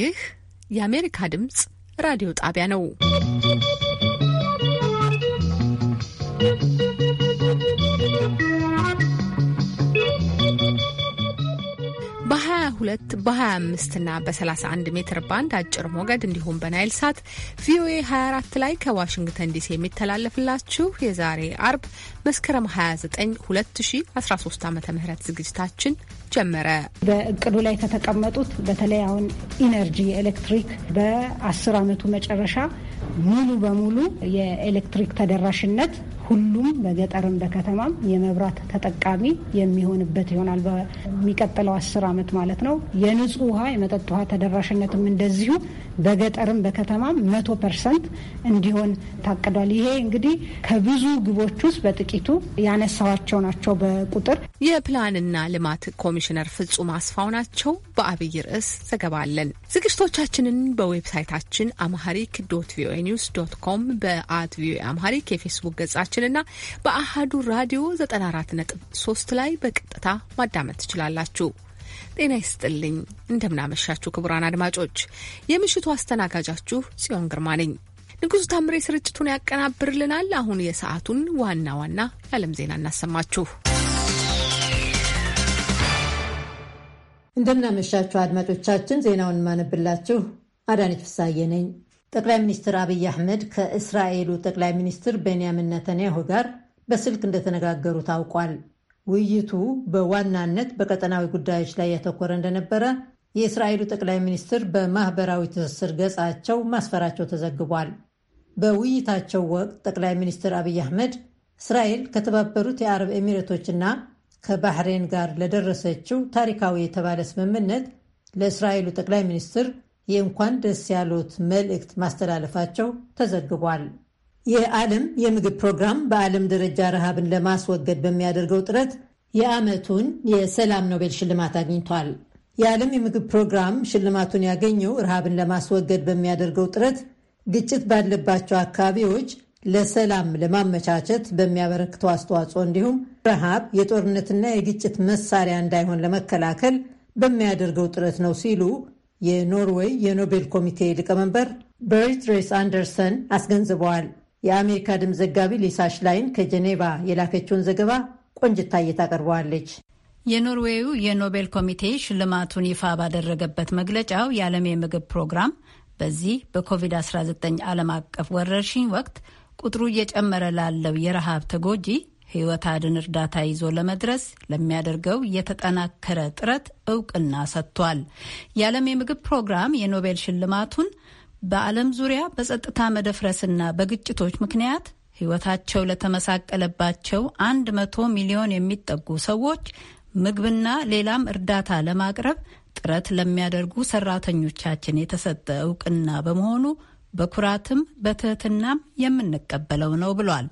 ይህ የአሜሪካ ድምፅ ራዲዮ ጣቢያ ነው። በ22 በ25 እና በ31 ሜትር ባንድ አጭር ሞገድ እንዲሁም በናይል ሳት ቪኦኤ 24 ላይ ከዋሽንግተን ዲሲ የሚተላለፍላችሁ የዛሬ አርብ መስከረም 29 2013 ዓ ም ዝግጅታችን ጀመረ። በእቅዱ ላይ ከተቀመጡት በተለይ አሁን ኢነርጂ የኤሌክትሪክ በአስር አመቱ መጨረሻ ሙሉ በሙሉ የኤሌክትሪክ ተደራሽነት ሁሉም በገጠርም በከተማም የመብራት ተጠቃሚ የሚሆንበት ይሆናል። በሚቀጥለው አስር አመት ማለት ነው። የንጹህ ውሃ የመጠጥ ውሃ ተደራሽነትም እንደዚሁ በገጠርም በከተማም መቶ ፐርሰንት እንዲሆን ታቅዷል። ይሄ እንግዲህ ከብዙ ግቦች ውስጥ በጥቂቱ ያነሳዋቸው ናቸው። በቁጥር የፕላንና ልማት ኮሚሽነር ፍጹም አስፋው ናቸው። በአብይ ርዕስ ዘገባ አለን። ዝግጅቶቻችንን በዌብሳይታችን አምሃሪክ ዶት ቪኦኤ ኒውስ ዶት ኮም በአት ቪኦኤ አምሃሪክ የፌስቡክ ገጻችንና በአሃዱ ራዲዮ 94.3 ላይ በቀጥታ ማዳመጥ ትችላላችሁ። ጤና ይስጥልኝ። እንደምናመሻችሁ ክቡራን አድማጮች፣ የምሽቱ አስተናጋጃችሁ ጽዮን ግርማ ነኝ። ንጉሱ ታምሬ ስርጭቱን ያቀናብርልናል። አሁን የሰዓቱን ዋና ዋና የዓለም ዜና እናሰማችሁ። እንደምናመሻችሁ አድማጮቻችን፣ ዜናውን ማነብላችሁ አዳነች ፍሳዬ ነኝ። ጠቅላይ ሚኒስትር አብይ አህመድ ከእስራኤሉ ጠቅላይ ሚኒስትር ቤንያሚን ነተንያሁ ጋር በስልክ እንደተነጋገሩ ታውቋል። ውይይቱ በዋናነት በቀጠናዊ ጉዳዮች ላይ ያተኮረ እንደነበረ የእስራኤሉ ጠቅላይ ሚኒስትር በማኅበራዊ ትስስር ገጻቸው ማስፈራቸው ተዘግቧል። በውይይታቸው ወቅት ጠቅላይ ሚኒስትር አብይ አህመድ እስራኤል ከተባበሩት የአረብ ኤሚሬቶችና ከባህሬን ጋር ለደረሰችው ታሪካዊ የተባለ ስምምነት ለእስራኤሉ ጠቅላይ ሚኒስትር የእንኳን ደስ ያሉት መልእክት ማስተላለፋቸው ተዘግቧል። የዓለም የምግብ ፕሮግራም በዓለም ደረጃ ረሃብን ለማስወገድ በሚያደርገው ጥረት የዓመቱን የሰላም ኖቤል ሽልማት አግኝቷል። የዓለም የምግብ ፕሮግራም ሽልማቱን ያገኘው ረሃብን ለማስወገድ በሚያደርገው ጥረት ግጭት ባለባቸው አካባቢዎች ለሰላም ለማመቻቸት በሚያበረክተው አስተዋጽኦ እንዲሁም ረሃብ የጦርነትና የግጭት መሳሪያ እንዳይሆን ለመከላከል በሚያደርገው ጥረት ነው ሲሉ የኖርዌይ የኖቤል ኮሚቴ ሊቀመንበር በርት አንደርሰን አስገንዝበዋል። የአሜሪካ ድምፅ ዘጋቢ ሊሳ ሽላይን ከጀኔቫ የላከችውን ዘገባ ቆንጅታዬ ታቀርበዋለች። የኖርዌዩ የኖቤል ኮሚቴ ሽልማቱን ይፋ ባደረገበት መግለጫው የዓለም የምግብ ፕሮግራም በዚህ በኮቪድ-19 ዓለም አቀፍ ወረርሽኝ ወቅት ቁጥሩ እየጨመረ ላለው የረሃብ ተጎጂ ሕይወት አድን እርዳታ ይዞ ለመድረስ ለሚያደርገው የተጠናከረ ጥረት እውቅና ሰጥቷል። የዓለም የምግብ ፕሮግራም የኖቤል ሽልማቱን በዓለም ዙሪያ በጸጥታ መደፍረስና በግጭቶች ምክንያት ሕይወታቸው ለተመሳቀለባቸው አንድ መቶ ሚሊዮን የሚጠጉ ሰዎች ምግብና ሌላም እርዳታ ለማቅረብ ጥረት ለሚያደርጉ ሰራተኞቻችን የተሰጠ እውቅና በመሆኑ በኩራትም በትህትናም የምንቀበለው ነው ብሏል።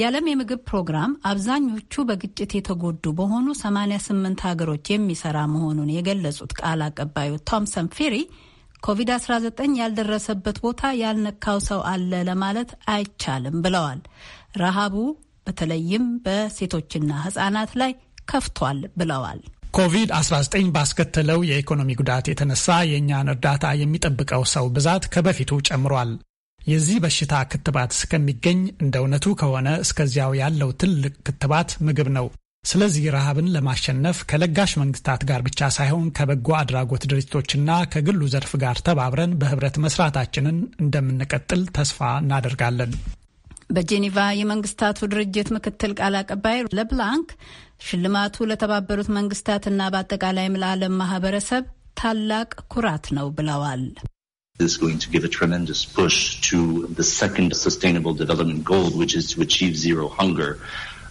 የዓለም የምግብ ፕሮግራም አብዛኞቹ በግጭት የተጎዱ በሆኑ 88 ሀገሮች የሚሰራ መሆኑን የገለጹት ቃል አቀባዩ ቶምሰን ፌሪ ኮቪድ-19 ያልደረሰበት ቦታ ያልነካው ሰው አለ ለማለት አይቻልም ብለዋል። ረሃቡ በተለይም በሴቶችና ህጻናት ላይ ከፍቷል ብለዋል። ኮቪድ-19 ባስከተለው የኢኮኖሚ ጉዳት የተነሳ የእኛን እርዳታ የሚጠብቀው ሰው ብዛት ከበፊቱ ጨምሯል። የዚህ በሽታ ክትባት እስከሚገኝ እንደ እውነቱ ከሆነ እስከዚያው ያለው ትልቅ ክትባት ምግብ ነው። ስለዚህ ረሃብን ለማሸነፍ ከለጋሽ መንግስታት ጋር ብቻ ሳይሆን ከበጎ አድራጎት ድርጅቶችና ከግሉ ዘርፍ ጋር ተባብረን በህብረት መስራታችንን እንደምንቀጥል ተስፋ እናደርጋለን። በጄኔቫ የመንግስታቱ ድርጅት ምክትል ቃል አቀባይ ለብላንክ ሽልማቱ ለተባበሩት መንግስታትና በአጠቃላይም ለዓለም ማህበረሰብ ታላቅ ኩራት ነው ብለዋል።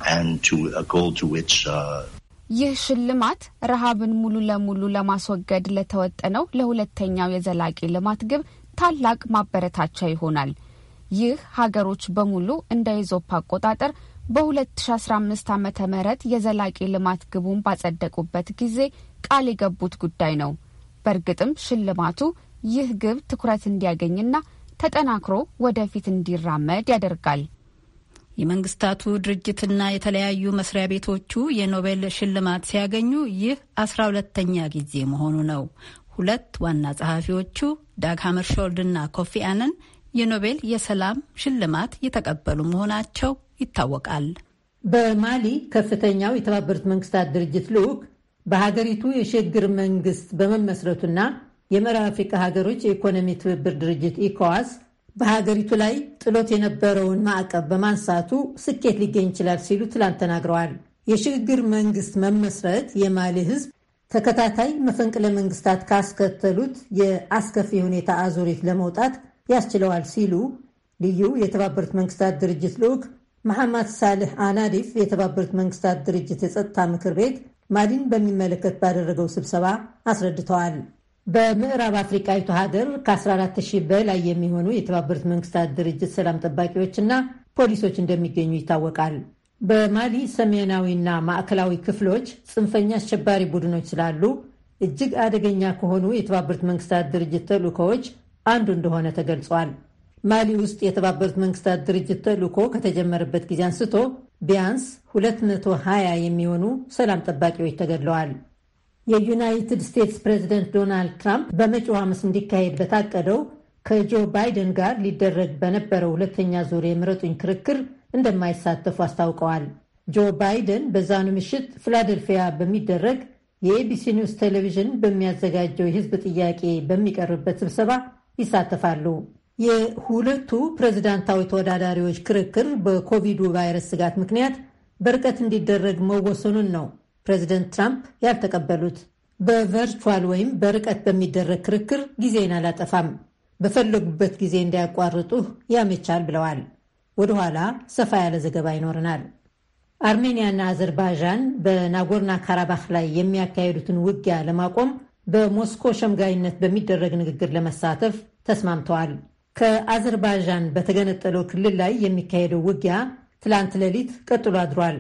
Uh, ይህ ሽልማት ረሃብን ሙሉ ለሙሉ ለማስወገድ ለተወጠነው ለሁለተኛው የዘላቂ ልማት ግብ ታላቅ ማበረታቻ ይሆናል። ይህ ሀገሮች በሙሉ እንደ ኢዞፓ አቆጣጠር በ2015 ዓ ምህረት የዘላቂ ልማት ግቡን ባጸደቁበት ጊዜ ቃል የገቡት ጉዳይ ነው። በእርግጥም ሽልማቱ ይህ ግብ ትኩረት እንዲያገኝና ተጠናክሮ ወደፊት እንዲራመድ ያደርጋል። የመንግስታቱ ድርጅትና የተለያዩ መስሪያ ቤቶቹ የኖቤል ሽልማት ሲያገኙ ይህ አስራ ሁለተኛ ጊዜ መሆኑ ነው። ሁለት ዋና ጸሐፊዎቹ ዳግ ሀመርሾልድና ኮፊ አነን የኖቤል የሰላም ሽልማት የተቀበሉ መሆናቸው ይታወቃል። በማሊ ከፍተኛው የተባበሩት መንግስታት ድርጅት ልዑክ በሀገሪቱ የሽግግር መንግስት በመመስረቱና የምዕራብ አፍሪካ ሀገሮች የኢኮኖሚ ትብብር ድርጅት ኢኮዋስ በሀገሪቱ ላይ ጥሎት የነበረውን ማዕቀብ በማንሳቱ ስኬት ሊገኝ ይችላል ሲሉ ትላንት ተናግረዋል። የሽግግር መንግስት መመስረት የማሊ ህዝብ ተከታታይ መፈንቅለ መንግስታት ካስከተሉት የአስከፊ ሁኔታ አዙሪት ለመውጣት ያስችለዋል ሲሉ ልዩ የተባበሩት መንግስታት ድርጅት ልዑክ መሐማድ ሳልህ አናዲፍ የተባበሩት መንግስታት ድርጅት የጸጥታ ምክር ቤት ማሊን በሚመለከት ባደረገው ስብሰባ አስረድተዋል። በምዕራብ አፍሪቃዊቱ ሀገር ከ14000 በላይ የሚሆኑ የተባበሩት መንግስታት ድርጅት ሰላም ጠባቂዎችና ፖሊሶች እንደሚገኙ ይታወቃል። በማሊ ሰሜናዊና ማዕከላዊ ክፍሎች ጽንፈኛ አሸባሪ ቡድኖች ስላሉ እጅግ አደገኛ ከሆኑ የተባበሩት መንግስታት ድርጅት ተልእኮዎች አንዱ እንደሆነ ተገልጿል። ማሊ ውስጥ የተባበሩት መንግስታት ድርጅት ተልእኮ ከተጀመረበት ጊዜ አንስቶ ቢያንስ 220 የሚሆኑ ሰላም ጠባቂዎች ተገድለዋል። የዩናይትድ ስቴትስ ፕሬዚደንት ዶናልድ ትራምፕ በመጪው ሐሙስ እንዲካሄድ በታቀደው ከጆ ባይደን ጋር ሊደረግ በነበረው ሁለተኛ ዙር የምረጡኝ ክርክር እንደማይሳተፉ አስታውቀዋል። ጆ ባይደን በዛኑ ምሽት ፊላደልፊያ በሚደረግ የኤቢሲ ኒውስ ቴሌቪዥን በሚያዘጋጀው የሕዝብ ጥያቄ በሚቀርብበት ስብሰባ ይሳተፋሉ። የሁለቱ ፕሬዚዳንታዊ ተወዳዳሪዎች ክርክር በኮቪዱ ቫይረስ ስጋት ምክንያት በርቀት እንዲደረግ መወሰኑን ነው ፕሬዚደንት ትራምፕ ያልተቀበሉት። በቨርቹዋል ወይም በርቀት በሚደረግ ክርክር ጊዜን አላጠፋም፣ በፈለጉበት ጊዜ እንዳያቋርጡህ ያመቻል ብለዋል። ወደኋላ ሰፋ ያለ ዘገባ ይኖረናል። አርሜኒያና አዘርባይዣን በናጎርና ካራባክ ላይ የሚያካሄዱትን ውጊያ ለማቆም በሞስኮ ሸምጋይነት በሚደረግ ንግግር ለመሳተፍ ተስማምተዋል። ከአዘርባይዣን በተገነጠለው ክልል ላይ የሚካሄደው ውጊያ ትላንት ሌሊት ቀጥሎ አድሯል።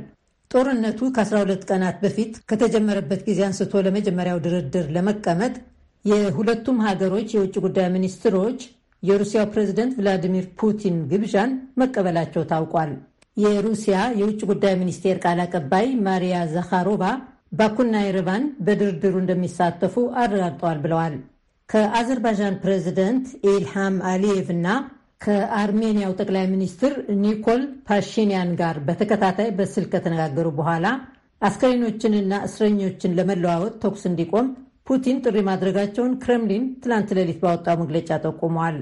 ጦርነቱ ከ12 ቀናት በፊት ከተጀመረበት ጊዜ አንስቶ ለመጀመሪያው ድርድር ለመቀመጥ የሁለቱም ሀገሮች የውጭ ጉዳይ ሚኒስትሮች የሩሲያው ፕሬዝደንት ቭላዲሚር ፑቲን ግብዣን መቀበላቸው ታውቋል። የሩሲያ የውጭ ጉዳይ ሚኒስቴር ቃል አቀባይ ማሪያ ዘካሮቫ ባኩና የረቫን በድርድሩ እንደሚሳተፉ አረጋግጠዋል ብለዋል። ከአዘርባይጃን ፕሬዝደንት ኢልሃም አሊየቭ እና ከአርሜኒያው ጠቅላይ ሚኒስትር ኒኮል ፓሽኒያን ጋር በተከታታይ በስልክ ከተነጋገሩ በኋላ አስከሬኖችንና እስረኞችን ለመለዋወጥ ተኩስ እንዲቆም ፑቲን ጥሪ ማድረጋቸውን ክሬምሊን ትላንት ሌሊት ባወጣው መግለጫ ጠቁመዋል።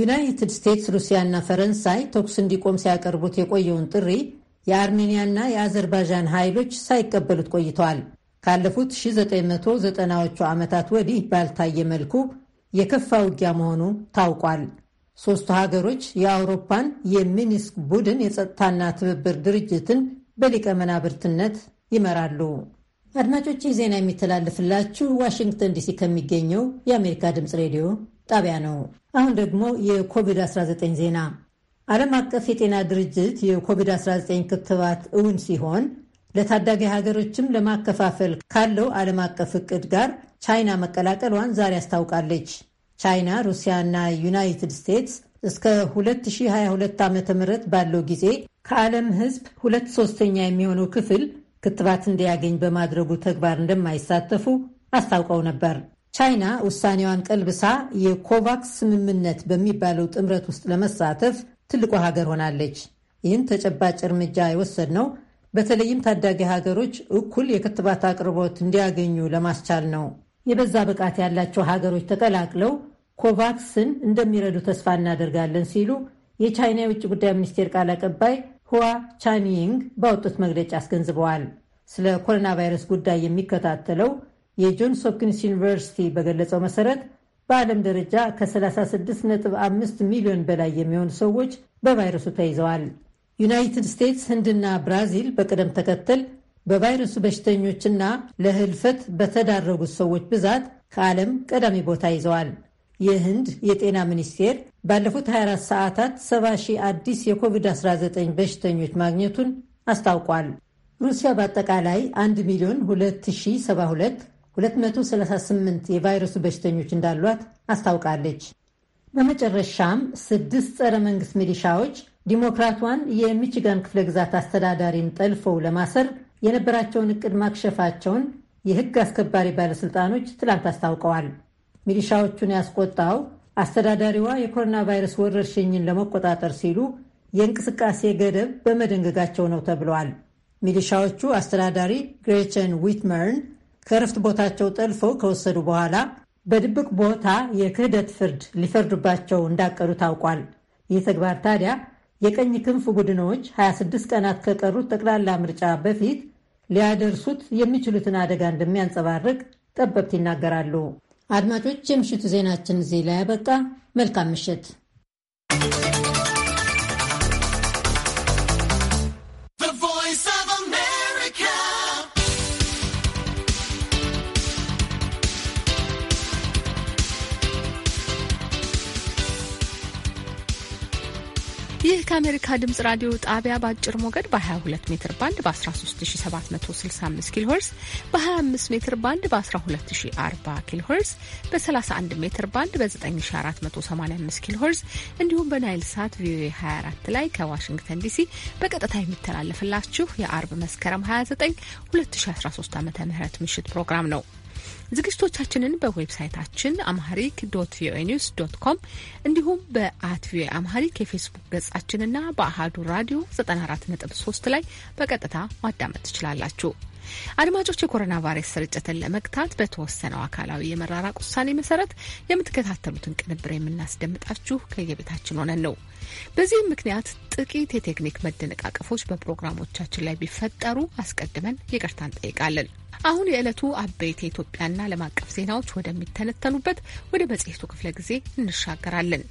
ዩናይትድ ስቴትስ፣ ሩሲያና ፈረንሳይ ተኩስ እንዲቆም ሲያቀርቡት የቆየውን ጥሪ የአርሜኒያና የአዘርባይጃን ኃይሎች ሳይቀበሉት ቆይተዋል። ካለፉት 1990ዎቹ ዓመታት ወዲህ ባልታየ መልኩ የከፋ ውጊያ መሆኑ ታውቋል። ሶስቱ ሀገሮች የአውሮፓን የሚኒስክ ቡድን የጸጥታና ትብብር ድርጅትን በሊቀመናብርትነት ይመራሉ። አድማጮች፣ ይህ ዜና የሚተላለፍላችሁ ዋሽንግተን ዲሲ ከሚገኘው የአሜሪካ ድምፅ ሬዲዮ ጣቢያ ነው። አሁን ደግሞ የኮቪድ-19 ዜና። ዓለም አቀፍ የጤና ድርጅት የኮቪድ-19 ክትባት እውን ሲሆን ለታዳጊ ሀገሮችም ለማከፋፈል ካለው ዓለም አቀፍ እቅድ ጋር ቻይና መቀላቀሏን ዛሬ አስታውቃለች። ቻይና፣ ሩሲያ እና ዩናይትድ ስቴትስ እስከ 2022 ዓ ም ባለው ጊዜ ከዓለም ሕዝብ ሁለት ሶስተኛ የሚሆነው ክፍል ክትባት እንዲያገኝ በማድረጉ ተግባር እንደማይሳተፉ አስታውቀው ነበር። ቻይና ውሳኔዋን ቀልብሳ የኮቫክስ ስምምነት በሚባለው ጥምረት ውስጥ ለመሳተፍ ትልቁ ሀገር ሆናለች። ይህን ተጨባጭ እርምጃ የወሰድነው በተለይም ታዳጊ ሀገሮች እኩል የክትባት አቅርቦት እንዲያገኙ ለማስቻል ነው። የበዛ ብቃት ያላቸው ሀገሮች ተቀላቅለው ኮቫክስን እንደሚረዱ ተስፋ እናደርጋለን ሲሉ የቻይና የውጭ ጉዳይ ሚኒስቴር ቃል አቀባይ ሁዋ ቻንይንግ ባወጡት መግለጫ አስገንዝበዋል። ስለ ኮሮና ቫይረስ ጉዳይ የሚከታተለው የጆንስ ሆፕኪንስ ዩኒቨርሲቲ በገለጸው መሰረት በዓለም ደረጃ ከ36.5 ሚሊዮን በላይ የሚሆኑ ሰዎች በቫይረሱ ተይዘዋል። ዩናይትድ ስቴትስ፣ ህንድና ብራዚል በቅደም ተከተል በቫይረሱ በሽተኞችና ለህልፈት በተዳረጉት ሰዎች ብዛት ከዓለም ቀዳሚ ቦታ ይዘዋል። የህንድ የጤና ሚኒስቴር ባለፉት 24 ሰዓታት 70 ሺህ አዲስ የኮቪድ-19 በሽተኞች ማግኘቱን አስታውቋል። ሩሲያ በአጠቃላይ 1 ሚሊዮን 2072 238 የቫይረሱ በሽተኞች እንዳሏት አስታውቃለች። በመጨረሻም ስድስት ጸረ መንግስት ሚሊሻዎች ዲሞክራቷን የሚችጋን ክፍለ ግዛት አስተዳዳሪን ጠልፈው ለማሰር የነበራቸውን እቅድ ማክሸፋቸውን የህግ አስከባሪ ባለሥልጣኖች ትላንት አስታውቀዋል። ሚሊሻዎቹን ያስቆጣው አስተዳዳሪዋ የኮሮና ቫይረስ ወረርሽኝን ለመቆጣጠር ሲሉ የእንቅስቃሴ ገደብ በመደንገጋቸው ነው ተብለዋል። ሚሊሻዎቹ አስተዳዳሪ ግሬቸን ዊትመርን ከእረፍት ቦታቸው ጠልፈው ከወሰዱ በኋላ በድብቅ ቦታ የክህደት ፍርድ ሊፈርዱባቸው እንዳቀዱ ታውቋል። ይህ ተግባር ታዲያ የቀኝ ክንፍ ቡድኖች 26 ቀናት ከቀሩት ጠቅላላ ምርጫ በፊት ሊያደርሱት የሚችሉትን አደጋ እንደሚያንጸባርቅ ጠበብት ይናገራሉ። አድማጮች፣ የምሽቱ ዜናችን እዚህ ላይ ያበቃ። መልካም ምሽት። ከአሜሪካ ድምጽ ራዲዮ ጣቢያ በአጭር ሞገድ በ22 ሜትር ባንድ በ13765 ኪሎ በ25 ሜትር ባንድ በ1240 ኪሎ በ31 ሜትር ባንድ በ9485 ኪሎ እንዲሁም በናይል ሳት ቪኦኤ 24 ላይ ከዋሽንግተን ዲሲ በቀጥታ የሚተላለፍላችሁ የአርብ መስከረም 29 2013 ዓ ም ምሽት ፕሮግራም ነው። ዝግጅቶቻችንን በዌብሳይታችን አምሃሪክ ዶት ቪኦኤ ኒውስ ዶት ኮም እንዲሁም በአት ቪኦኤ አምሃሪክ የፌስቡክ ገጻችንና በአህዱ ራዲዮ 94.3 ላይ በቀጥታ ማዳመጥ ትችላላችሁ። አድማጮች የኮሮና ቫይረስ ስርጭትን ለመግታት በተወሰነው አካላዊ የመራራቅ ውሳኔ መሰረት የምትከታተሉትን ቅንብር የምናስደምጣችሁ ከየቤታችን ሆነን ነው። በዚህም ምክንያት ጥቂት የቴክኒክ መደነቃቀፎች በፕሮግራሞቻችን ላይ ቢፈጠሩ አስቀድመን ይቅርታ እንጠይቃለን። አሁን የዕለቱ አበይት የኢትዮጵያና ዓለም አቀፍ ዜናዎች ወደሚተነተኑበት ወደ መጽሔቱ ክፍለ ጊዜ እንሻገራለን።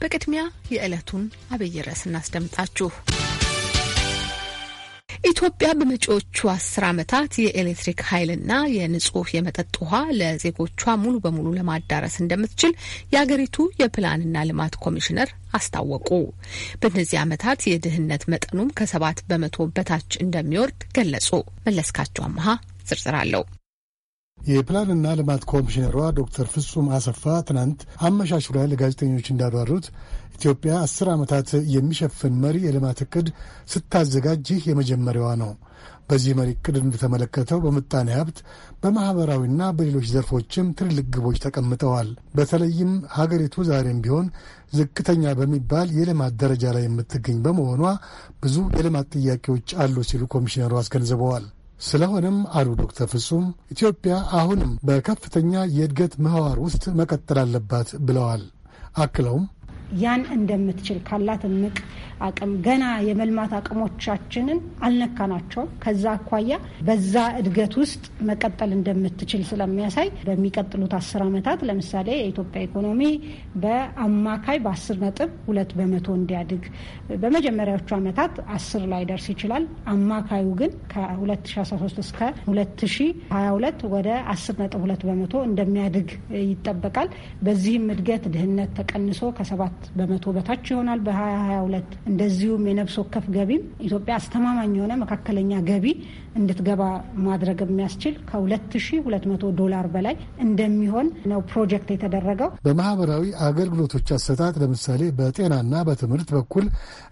በቅድሚያ የዕለቱን አብይ ርዕስ እናስደምጣችሁ። ኢትዮጵያ በመጪዎቹ አስር ዓመታት የኤሌክትሪክ ኃይልና የንጹህ የመጠጥ ውሃ ለዜጎቿ ሙሉ በሙሉ ለማዳረስ እንደምትችል የአገሪቱ የፕላንና ልማት ኮሚሽነር አስታወቁ። በእነዚህ ዓመታት የድህነት መጠኑም ከሰባት በመቶ በታች እንደሚወርድ ገለጹ። መለስካቸው አመሃ ዝርዝር አለው። የፕላንና ልማት ኮሚሽነሯ ዶክተር ፍጹም አሰፋ ትናንት አመሻሹ ላይ ለጋዜጠኞች እንዳብራሩት ኢትዮጵያ አስር ዓመታት የሚሸፍን መሪ የልማት እቅድ ስታዘጋጅ ይህ የመጀመሪያዋ ነው። በዚህ መሪ እቅድ እንደተመለከተው በምጣኔ ሀብት፣ በማኅበራዊና በሌሎች ዘርፎችም ትልልቅ ግቦች ተቀምጠዋል። በተለይም ሀገሪቱ ዛሬም ቢሆን ዝቅተኛ በሚባል የልማት ደረጃ ላይ የምትገኝ በመሆኗ ብዙ የልማት ጥያቄዎች አሉ ሲሉ ኮሚሽነሩ አስገንዝበዋል። ስለሆነም አሉ ዶክተር ፍጹም ኢትዮጵያ አሁንም በከፍተኛ የእድገት ምህዋር ውስጥ መቀጠል አለባት ብለዋል። አክለውም ያን እንደምትችል ካላት እምቅ አቅም ገና የመልማት አቅሞቻችንን አልነካናቸው። ከዛ አኳያ በዛ እድገት ውስጥ መቀጠል እንደምትችል ስለሚያሳይ በሚቀጥሉት አስር ዓመታት ለምሳሌ የኢትዮጵያ ኢኮኖሚ በአማካይ በአስር ነጥብ ሁለት በመቶ እንዲያድግ በመጀመሪያዎቹ ዓመታት አስር ላይ ደርስ ይችላል። አማካዩ ግን ከ2013 እስከ 2022 ወደ አስር ነጥብ 2 በመቶ እንደሚያድግ ይጠበቃል። በዚህም እድገት ድህነት ተቀንሶ ከ7 በመቶ በታች ይሆናል በ2022 እንደዚሁም የነፍስ ወከፍ ገቢም ኢትዮጵያ አስተማማኝ የሆነ መካከለኛ ገቢ እንድትገባ ማድረግ የሚያስችል ከ2200 ዶላር በላይ እንደሚሆን ነው ፕሮጀክት የተደረገው። በማህበራዊ አገልግሎቶች አሰጣጥ ለምሳሌ በጤናና በትምህርት በኩል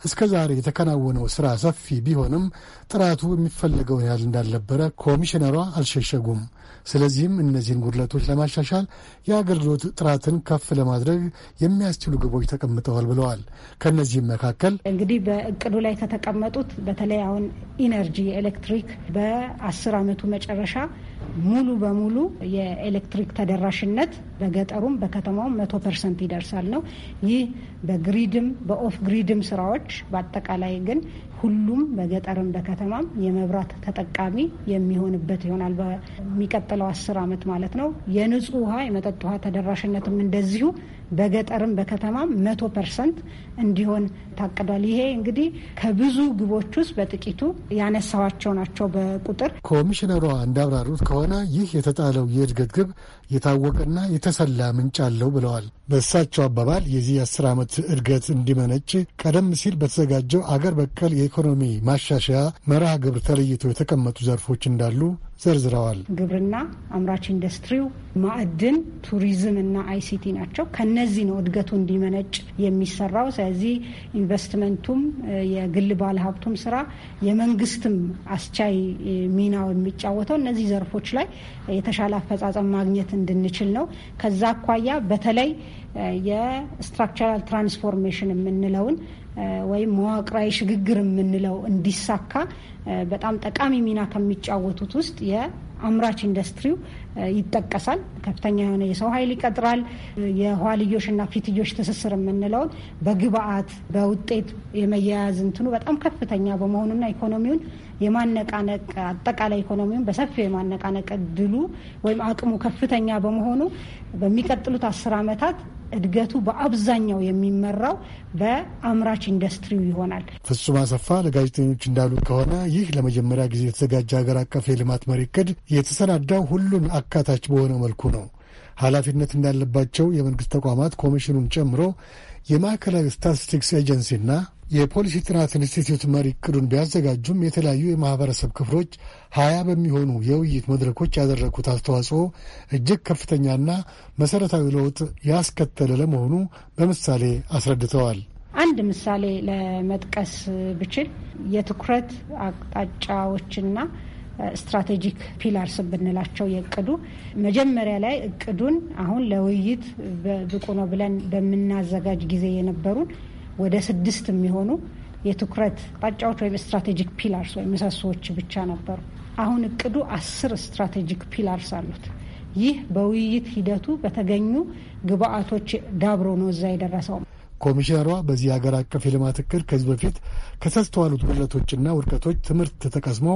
እስከ ዛሬ የተከናወነው ስራ ሰፊ ቢሆንም ጥራቱ የሚፈለገውን ያህል እንዳልነበረ ኮሚሽነሯ አልሸሸጉም። ስለዚህም እነዚህን ጉድለቶች ለማሻሻል የአገልግሎት ጥራትን ከፍ ለማድረግ የሚያስችሉ ግቦች ተቀምጠዋል ብለዋል። ከእነዚህም መካከል እንግዲህ በእቅዱ ላይ ከተቀመጡት በተለይ አሁን ኢነርጂ ኤሌክትሪክ በአስር ዓመቱ መጨረሻ ሙሉ በሙሉ የኤሌክትሪክ ተደራሽነት በገጠሩም በከተማውም መቶ ፐርሰንት ይደርሳል ነው። ይህ በግሪድም በኦፍ ግሪድም ስራዎች በአጠቃላይ ግን ሁሉም በገጠርም በከተማም የመብራት ተጠቃሚ የሚሆንበት ይሆናል በሚቀጥለው አስር ዓመት ማለት ነው። የንጹህ ውሃ የመጠጥ ውሃ ተደራሽነትም እንደዚሁ በገጠርም በከተማም መቶ ፐርሰንት እንዲሆን ታቅዷል። ይሄ እንግዲህ ከብዙ ግቦች ውስጥ በጥቂቱ ያነሳዋቸው ናቸው። በቁጥር ኮሚሽነሯ እንዳብራሩት ከሆነ ይህ የተጣለው የእድገት ግብ የታወቀና የተሰላ ምንጭ አለው ብለዋል። በእሳቸው አባባል የዚህ አስር ዓመት እድገት እንዲመነጭ ቀደም ሲል በተዘጋጀው አገር በቀል የኢኮኖሚ ማሻሻያ መርሃ ግብር ተለይተው የተቀመጡ ዘርፎች እንዳሉ ዘርዝረዋል። ግብርና፣ አምራች ኢንዱስትሪው፣ ማዕድን፣ ቱሪዝም እና አይሲቲ ናቸው። ከነዚህ ነው እድገቱ እንዲመነጭ የሚሰራው። ስለዚህ ኢንቨስትመንቱም የግል ባለሀብቱም ስራ የመንግስትም አስቻይ ሚናው የሚጫወተው እነዚህ ዘርፎች ላይ የተሻለ አፈጻጸም ማግኘት እንድንችል ነው። ከዛ አኳያ በተለይ የስትራክቸራል ትራንስፎርሜሽን የምንለውን ወይም መዋቅራዊ ሽግግር የምንለው እንዲሳካ በጣም ጠቃሚ ሚና ከሚጫወቱት ውስጥ የአምራች ኢንዱስትሪው ይጠቀሳል። ከፍተኛ የሆነ የሰው ኃይል ይቀጥራል። የኋልዮሽና ፊትዮሽ ትስስር የምንለውን በግብአት በውጤት የመያያዝ እንትኑ በጣም ከፍተኛ በመሆኑና ኢኮኖሚውን የማነቃነቅ አጠቃላይ ኢኮኖሚውን በሰፊው የማነቃነቅ እድሉ ወይም አቅሙ ከፍተኛ በመሆኑ በሚቀጥሉት አስር ዓመታት እድገቱ በአብዛኛው የሚመራው በአምራች ኢንዱስትሪው ይሆናል። ፍጹም አሰፋ ለጋዜጠኞች እንዳሉት ከሆነ ይህ ለመጀመሪያ ጊዜ የተዘጋጀ ሀገር አቀፍ የልማት መሪ እቅድ የተሰናዳው ሁሉን አካታች በሆነ መልኩ ነው። ኃላፊነት እንዳለባቸው የመንግሥት ተቋማት ኮሚሽኑን ጨምሮ የማዕከላዊ ስታቲስቲክስ ኤጀንሲና የፖሊሲ ጥናት ኢንስቲትዩት መሪ እቅዱን ቢያዘጋጁም የተለያዩ የማህበረሰብ ክፍሎች ሀያ በሚሆኑ የውይይት መድረኮች ያደረጉት አስተዋጽኦ እጅግ ከፍተኛና መሰረታዊ ለውጥ ያስከተለ ለመሆኑ በምሳሌ አስረድተዋል። አንድ ምሳሌ ለመጥቀስ ብችል የትኩረት አቅጣጫዎችና ስትራቴጂክ ፒላርስ ብንላቸው የእቅዱ መጀመሪያ ላይ እቅዱን አሁን ለውይይት ብቁ ነው ብለን በምናዘጋጅ ጊዜ የነበሩን ወደ ስድስት የሚሆኑ የትኩረት አቅጣጫዎች ወይም ስትራቴጂክ ፒላርስ ወይም ምሰሶዎች ብቻ ነበሩ። አሁን እቅዱ አስር ስትራቴጂክ ፒላርስ አሉት። ይህ በውይይት ሂደቱ በተገኙ ግብአቶች ዳብሮ ነው እዛ የደረሰው። ኮሚሽነሯ በዚህ ሀገር አቀፍ የልማት እቅድ ከዚህ በፊት ከተስተዋሉት ጉድለቶችና ውድቀቶች ትምህርት ተቀስሞ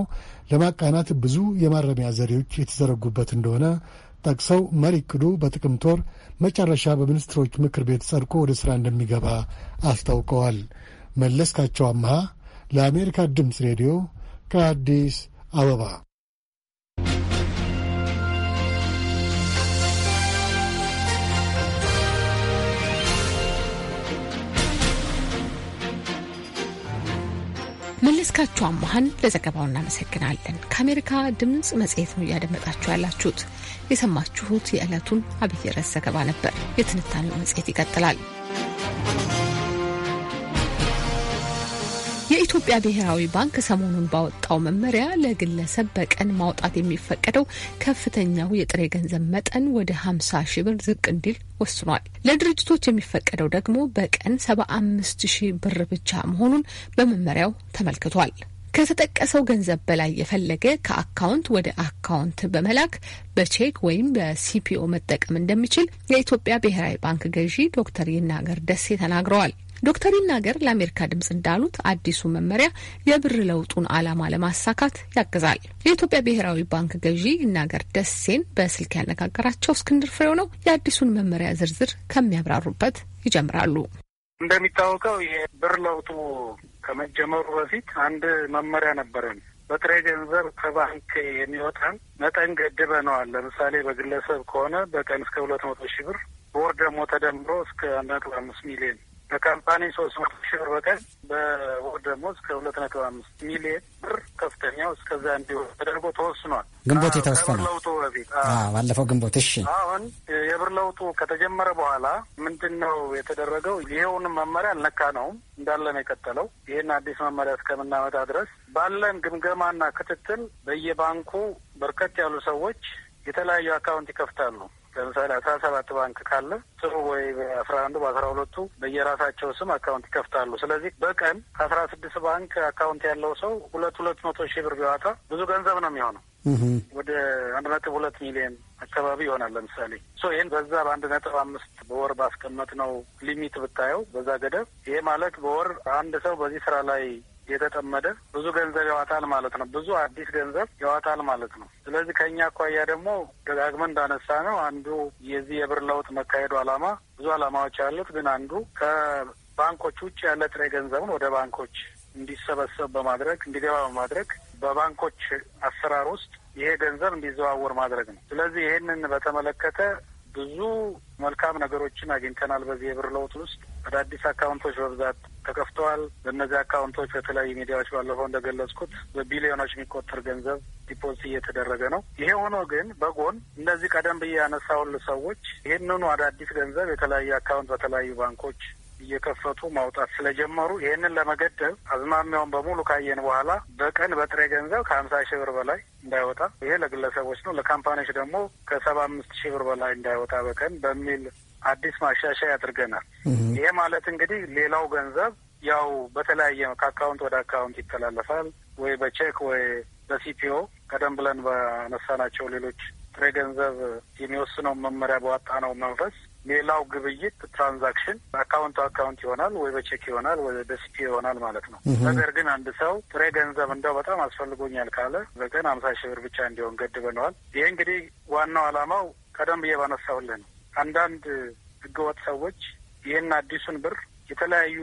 ለማቃናት ብዙ የማረሚያ ዘዴዎች የተዘረጉበት እንደሆነ ጠቅሰው መሪ እቅዱ በጥቅምት ወር መጨረሻ በሚኒስትሮች ምክር ቤት ጸድቆ ወደ ሥራ እንደሚገባ አስታውቀዋል። መለስካቸው አምሃ ለአሜሪካ ድምፅ ሬዲዮ ከአዲስ አበባ መለስካቸው አመሀን ለዘገባው እናመሰግናለን። ከአሜሪካ ድምፅ መጽሔት ነው እያደመጣችሁ ያላችሁት። የሰማችሁት የዕለቱን አብይ ርዕስ ዘገባ ነበር። የትንታኔው መጽሔት ይቀጥላል። የኢትዮጵያ ብሔራዊ ባንክ ሰሞኑን ባወጣው መመሪያ ለግለሰብ በቀን ማውጣት የሚፈቀደው ከፍተኛው የጥሬ ገንዘብ መጠን ወደ 50 ሺ ብር ዝቅ እንዲል ወስኗል። ለድርጅቶች የሚፈቀደው ደግሞ በቀን 75 ሺህ ብር ብቻ መሆኑን በመመሪያው ተመልክቷል። ከተጠቀሰው ገንዘብ በላይ የፈለገ ከአካውንት ወደ አካውንት በመላክ በቼክ ወይም በሲፒኦ መጠቀም እንደሚችል የኢትዮጵያ ብሔራዊ ባንክ ገዢ ዶክተር ይናገር ደሴ ተናግረዋል። ዶክተር ይናገር ለአሜሪካ ድምጽ እንዳሉት አዲሱ መመሪያ የብር ለውጡን ዓላማ ለማሳካት ያግዛል። የኢትዮጵያ ብሔራዊ ባንክ ገዢ ይናገር ደሴን በስልክ ያነጋገራቸው እስክንድር ፍሬው ነው። የአዲሱን መመሪያ ዝርዝር ከሚያብራሩበት ይጀምራሉ። እንደሚታወቀው የብር ለውጡ ከመጀመሩ በፊት አንድ መመሪያ ነበረን። በጥሬ ገንዘብ ከባንክ የሚወጣን መጠን ገድበነዋል። ለምሳሌ በግለሰብ ከሆነ በቀን እስከ ሁለት መቶ ሺህ ብር፣ በወር ደግሞ ተደምሮ እስከ አንድ ነጥብ አምስት ሚሊዮን በካምፓኒ ሶስት መቶ ሺህ ብር በቀን በወር ደግሞ እስከ ሁለት ነጥብ አምስት ሚሊየን ብር ከፍተኛው እስከዛ እንዲሆን ተደርጎ ተወስኗል። ግንቦት የተወሰነ ለውጡ በፊት ባለፈው ግንቦት። እሺ አሁን የብር ለውጡ ከተጀመረ በኋላ ምንድን ነው የተደረገው? ይሄውንም መመሪያ አልነካ ነውም እንዳለ ነው የቀጠለው። ይህን አዲስ መመሪያ እስከምናመጣ ድረስ ባለን ግምገማና ክትትል በየባንኩ በርከት ያሉ ሰዎች የተለያዩ አካውንት ይከፍታሉ። ለምሳሌ አስራ ሰባት ባንክ ካለ ስሩ ወይ በአስራ አንዱ በአስራ ሁለቱ በየራሳቸው ስም አካውንት ይከፍታሉ። ስለዚህ በቀን ከአስራ ስድስት ባንክ አካውንት ያለው ሰው ሁለት ሁለት መቶ ሺህ ብር ቢዋታ ብዙ ገንዘብ ነው የሚሆነው ወደ አንድ ነጥብ ሁለት ሚሊዮን አካባቢ ይሆናል። ለምሳሌ ሶ ይህን በዛ በአንድ ነጥብ አምስት በወር ባስቀመጥ ነው ሊሚት ብታየው በዛ ገደብ ይሄ ማለት በወር አንድ ሰው በዚህ ስራ ላይ የተጠመደ ብዙ ገንዘብ ያዋጣል ማለት ነው። ብዙ አዲስ ገንዘብ ያዋጣል ማለት ነው። ስለዚህ ከእኛ አኳያ ደግሞ ደጋግመን እንዳነሳ ነው አንዱ የዚህ የብር ለውጥ መካሄዱ ዓላማ ብዙ ዓላማዎች አሉት ግን አንዱ ከባንኮች ውጭ ያለ ጥሬ ገንዘብን ወደ ባንኮች እንዲሰበሰብ በማድረግ እንዲገባ በማድረግ በባንኮች አሰራር ውስጥ ይሄ ገንዘብ እንዲዘዋወር ማድረግ ነው። ስለዚህ ይህንን በተመለከተ ብዙ መልካም ነገሮችን አግኝተናል። በዚህ የብር ለውጥ ውስጥ አዳዲስ አካውንቶች በብዛት ተከፍተዋል። በእነዚህ አካውንቶች በተለያዩ ሚዲያዎች ባለፈው እንደገለጽኩት በቢሊዮኖች የሚቆጠር ገንዘብ ዲፖዚት እየተደረገ ነው። ይሄ ሆኖ ግን በጎን እነዚህ ቀደም ብዬ ያነሳውል ሰዎች ይህንኑ አዳዲስ ገንዘብ የተለያዩ አካውንት በተለያዩ ባንኮች እየከፈቱ ማውጣት ስለጀመሩ ይህንን ለመገደብ አዝማሚያውን በሙሉ ካየን በኋላ በቀን በጥሬ ገንዘብ ከሀምሳ ሺህ ብር በላይ እንዳይወጣ ይሄ ለግለሰቦች ነው። ለካምፓኒዎች ደግሞ ከሰባ አምስት ሺህ ብር በላይ እንዳይወጣ በቀን በሚል አዲስ ማሻሻያ ያድርገናል። ይሄ ማለት እንግዲህ ሌላው ገንዘብ ያው በተለያየ ከአካውንት ወደ አካውንት ይተላለፋል ወይ በቼክ ወይ በሲፒኦ ቀደም ብለን ባነሳናቸው ሌሎች ጥሬ ገንዘብ የሚወስነው መመሪያ በዋጣ ነው መንፈስ ሌላው ግብይት ትራንዛክሽን አካውንት አካውንት ይሆናል ወይ በቼክ ይሆናል ወይ በሲፒ ይሆናል ማለት ነው። ነገር ግን አንድ ሰው ጥሬ ገንዘብ እንደው በጣም አስፈልጎኛል ካለ በቀን አምሳ ሺህ ብር ብቻ እንዲሆን ገድበነዋል። ይሄ እንግዲህ ዋናው ዓላማው ቀደም ብዬ ባነሳውልህ ነው። አንዳንድ ህገወጥ ሰዎች ይህን አዲሱን ብር የተለያዩ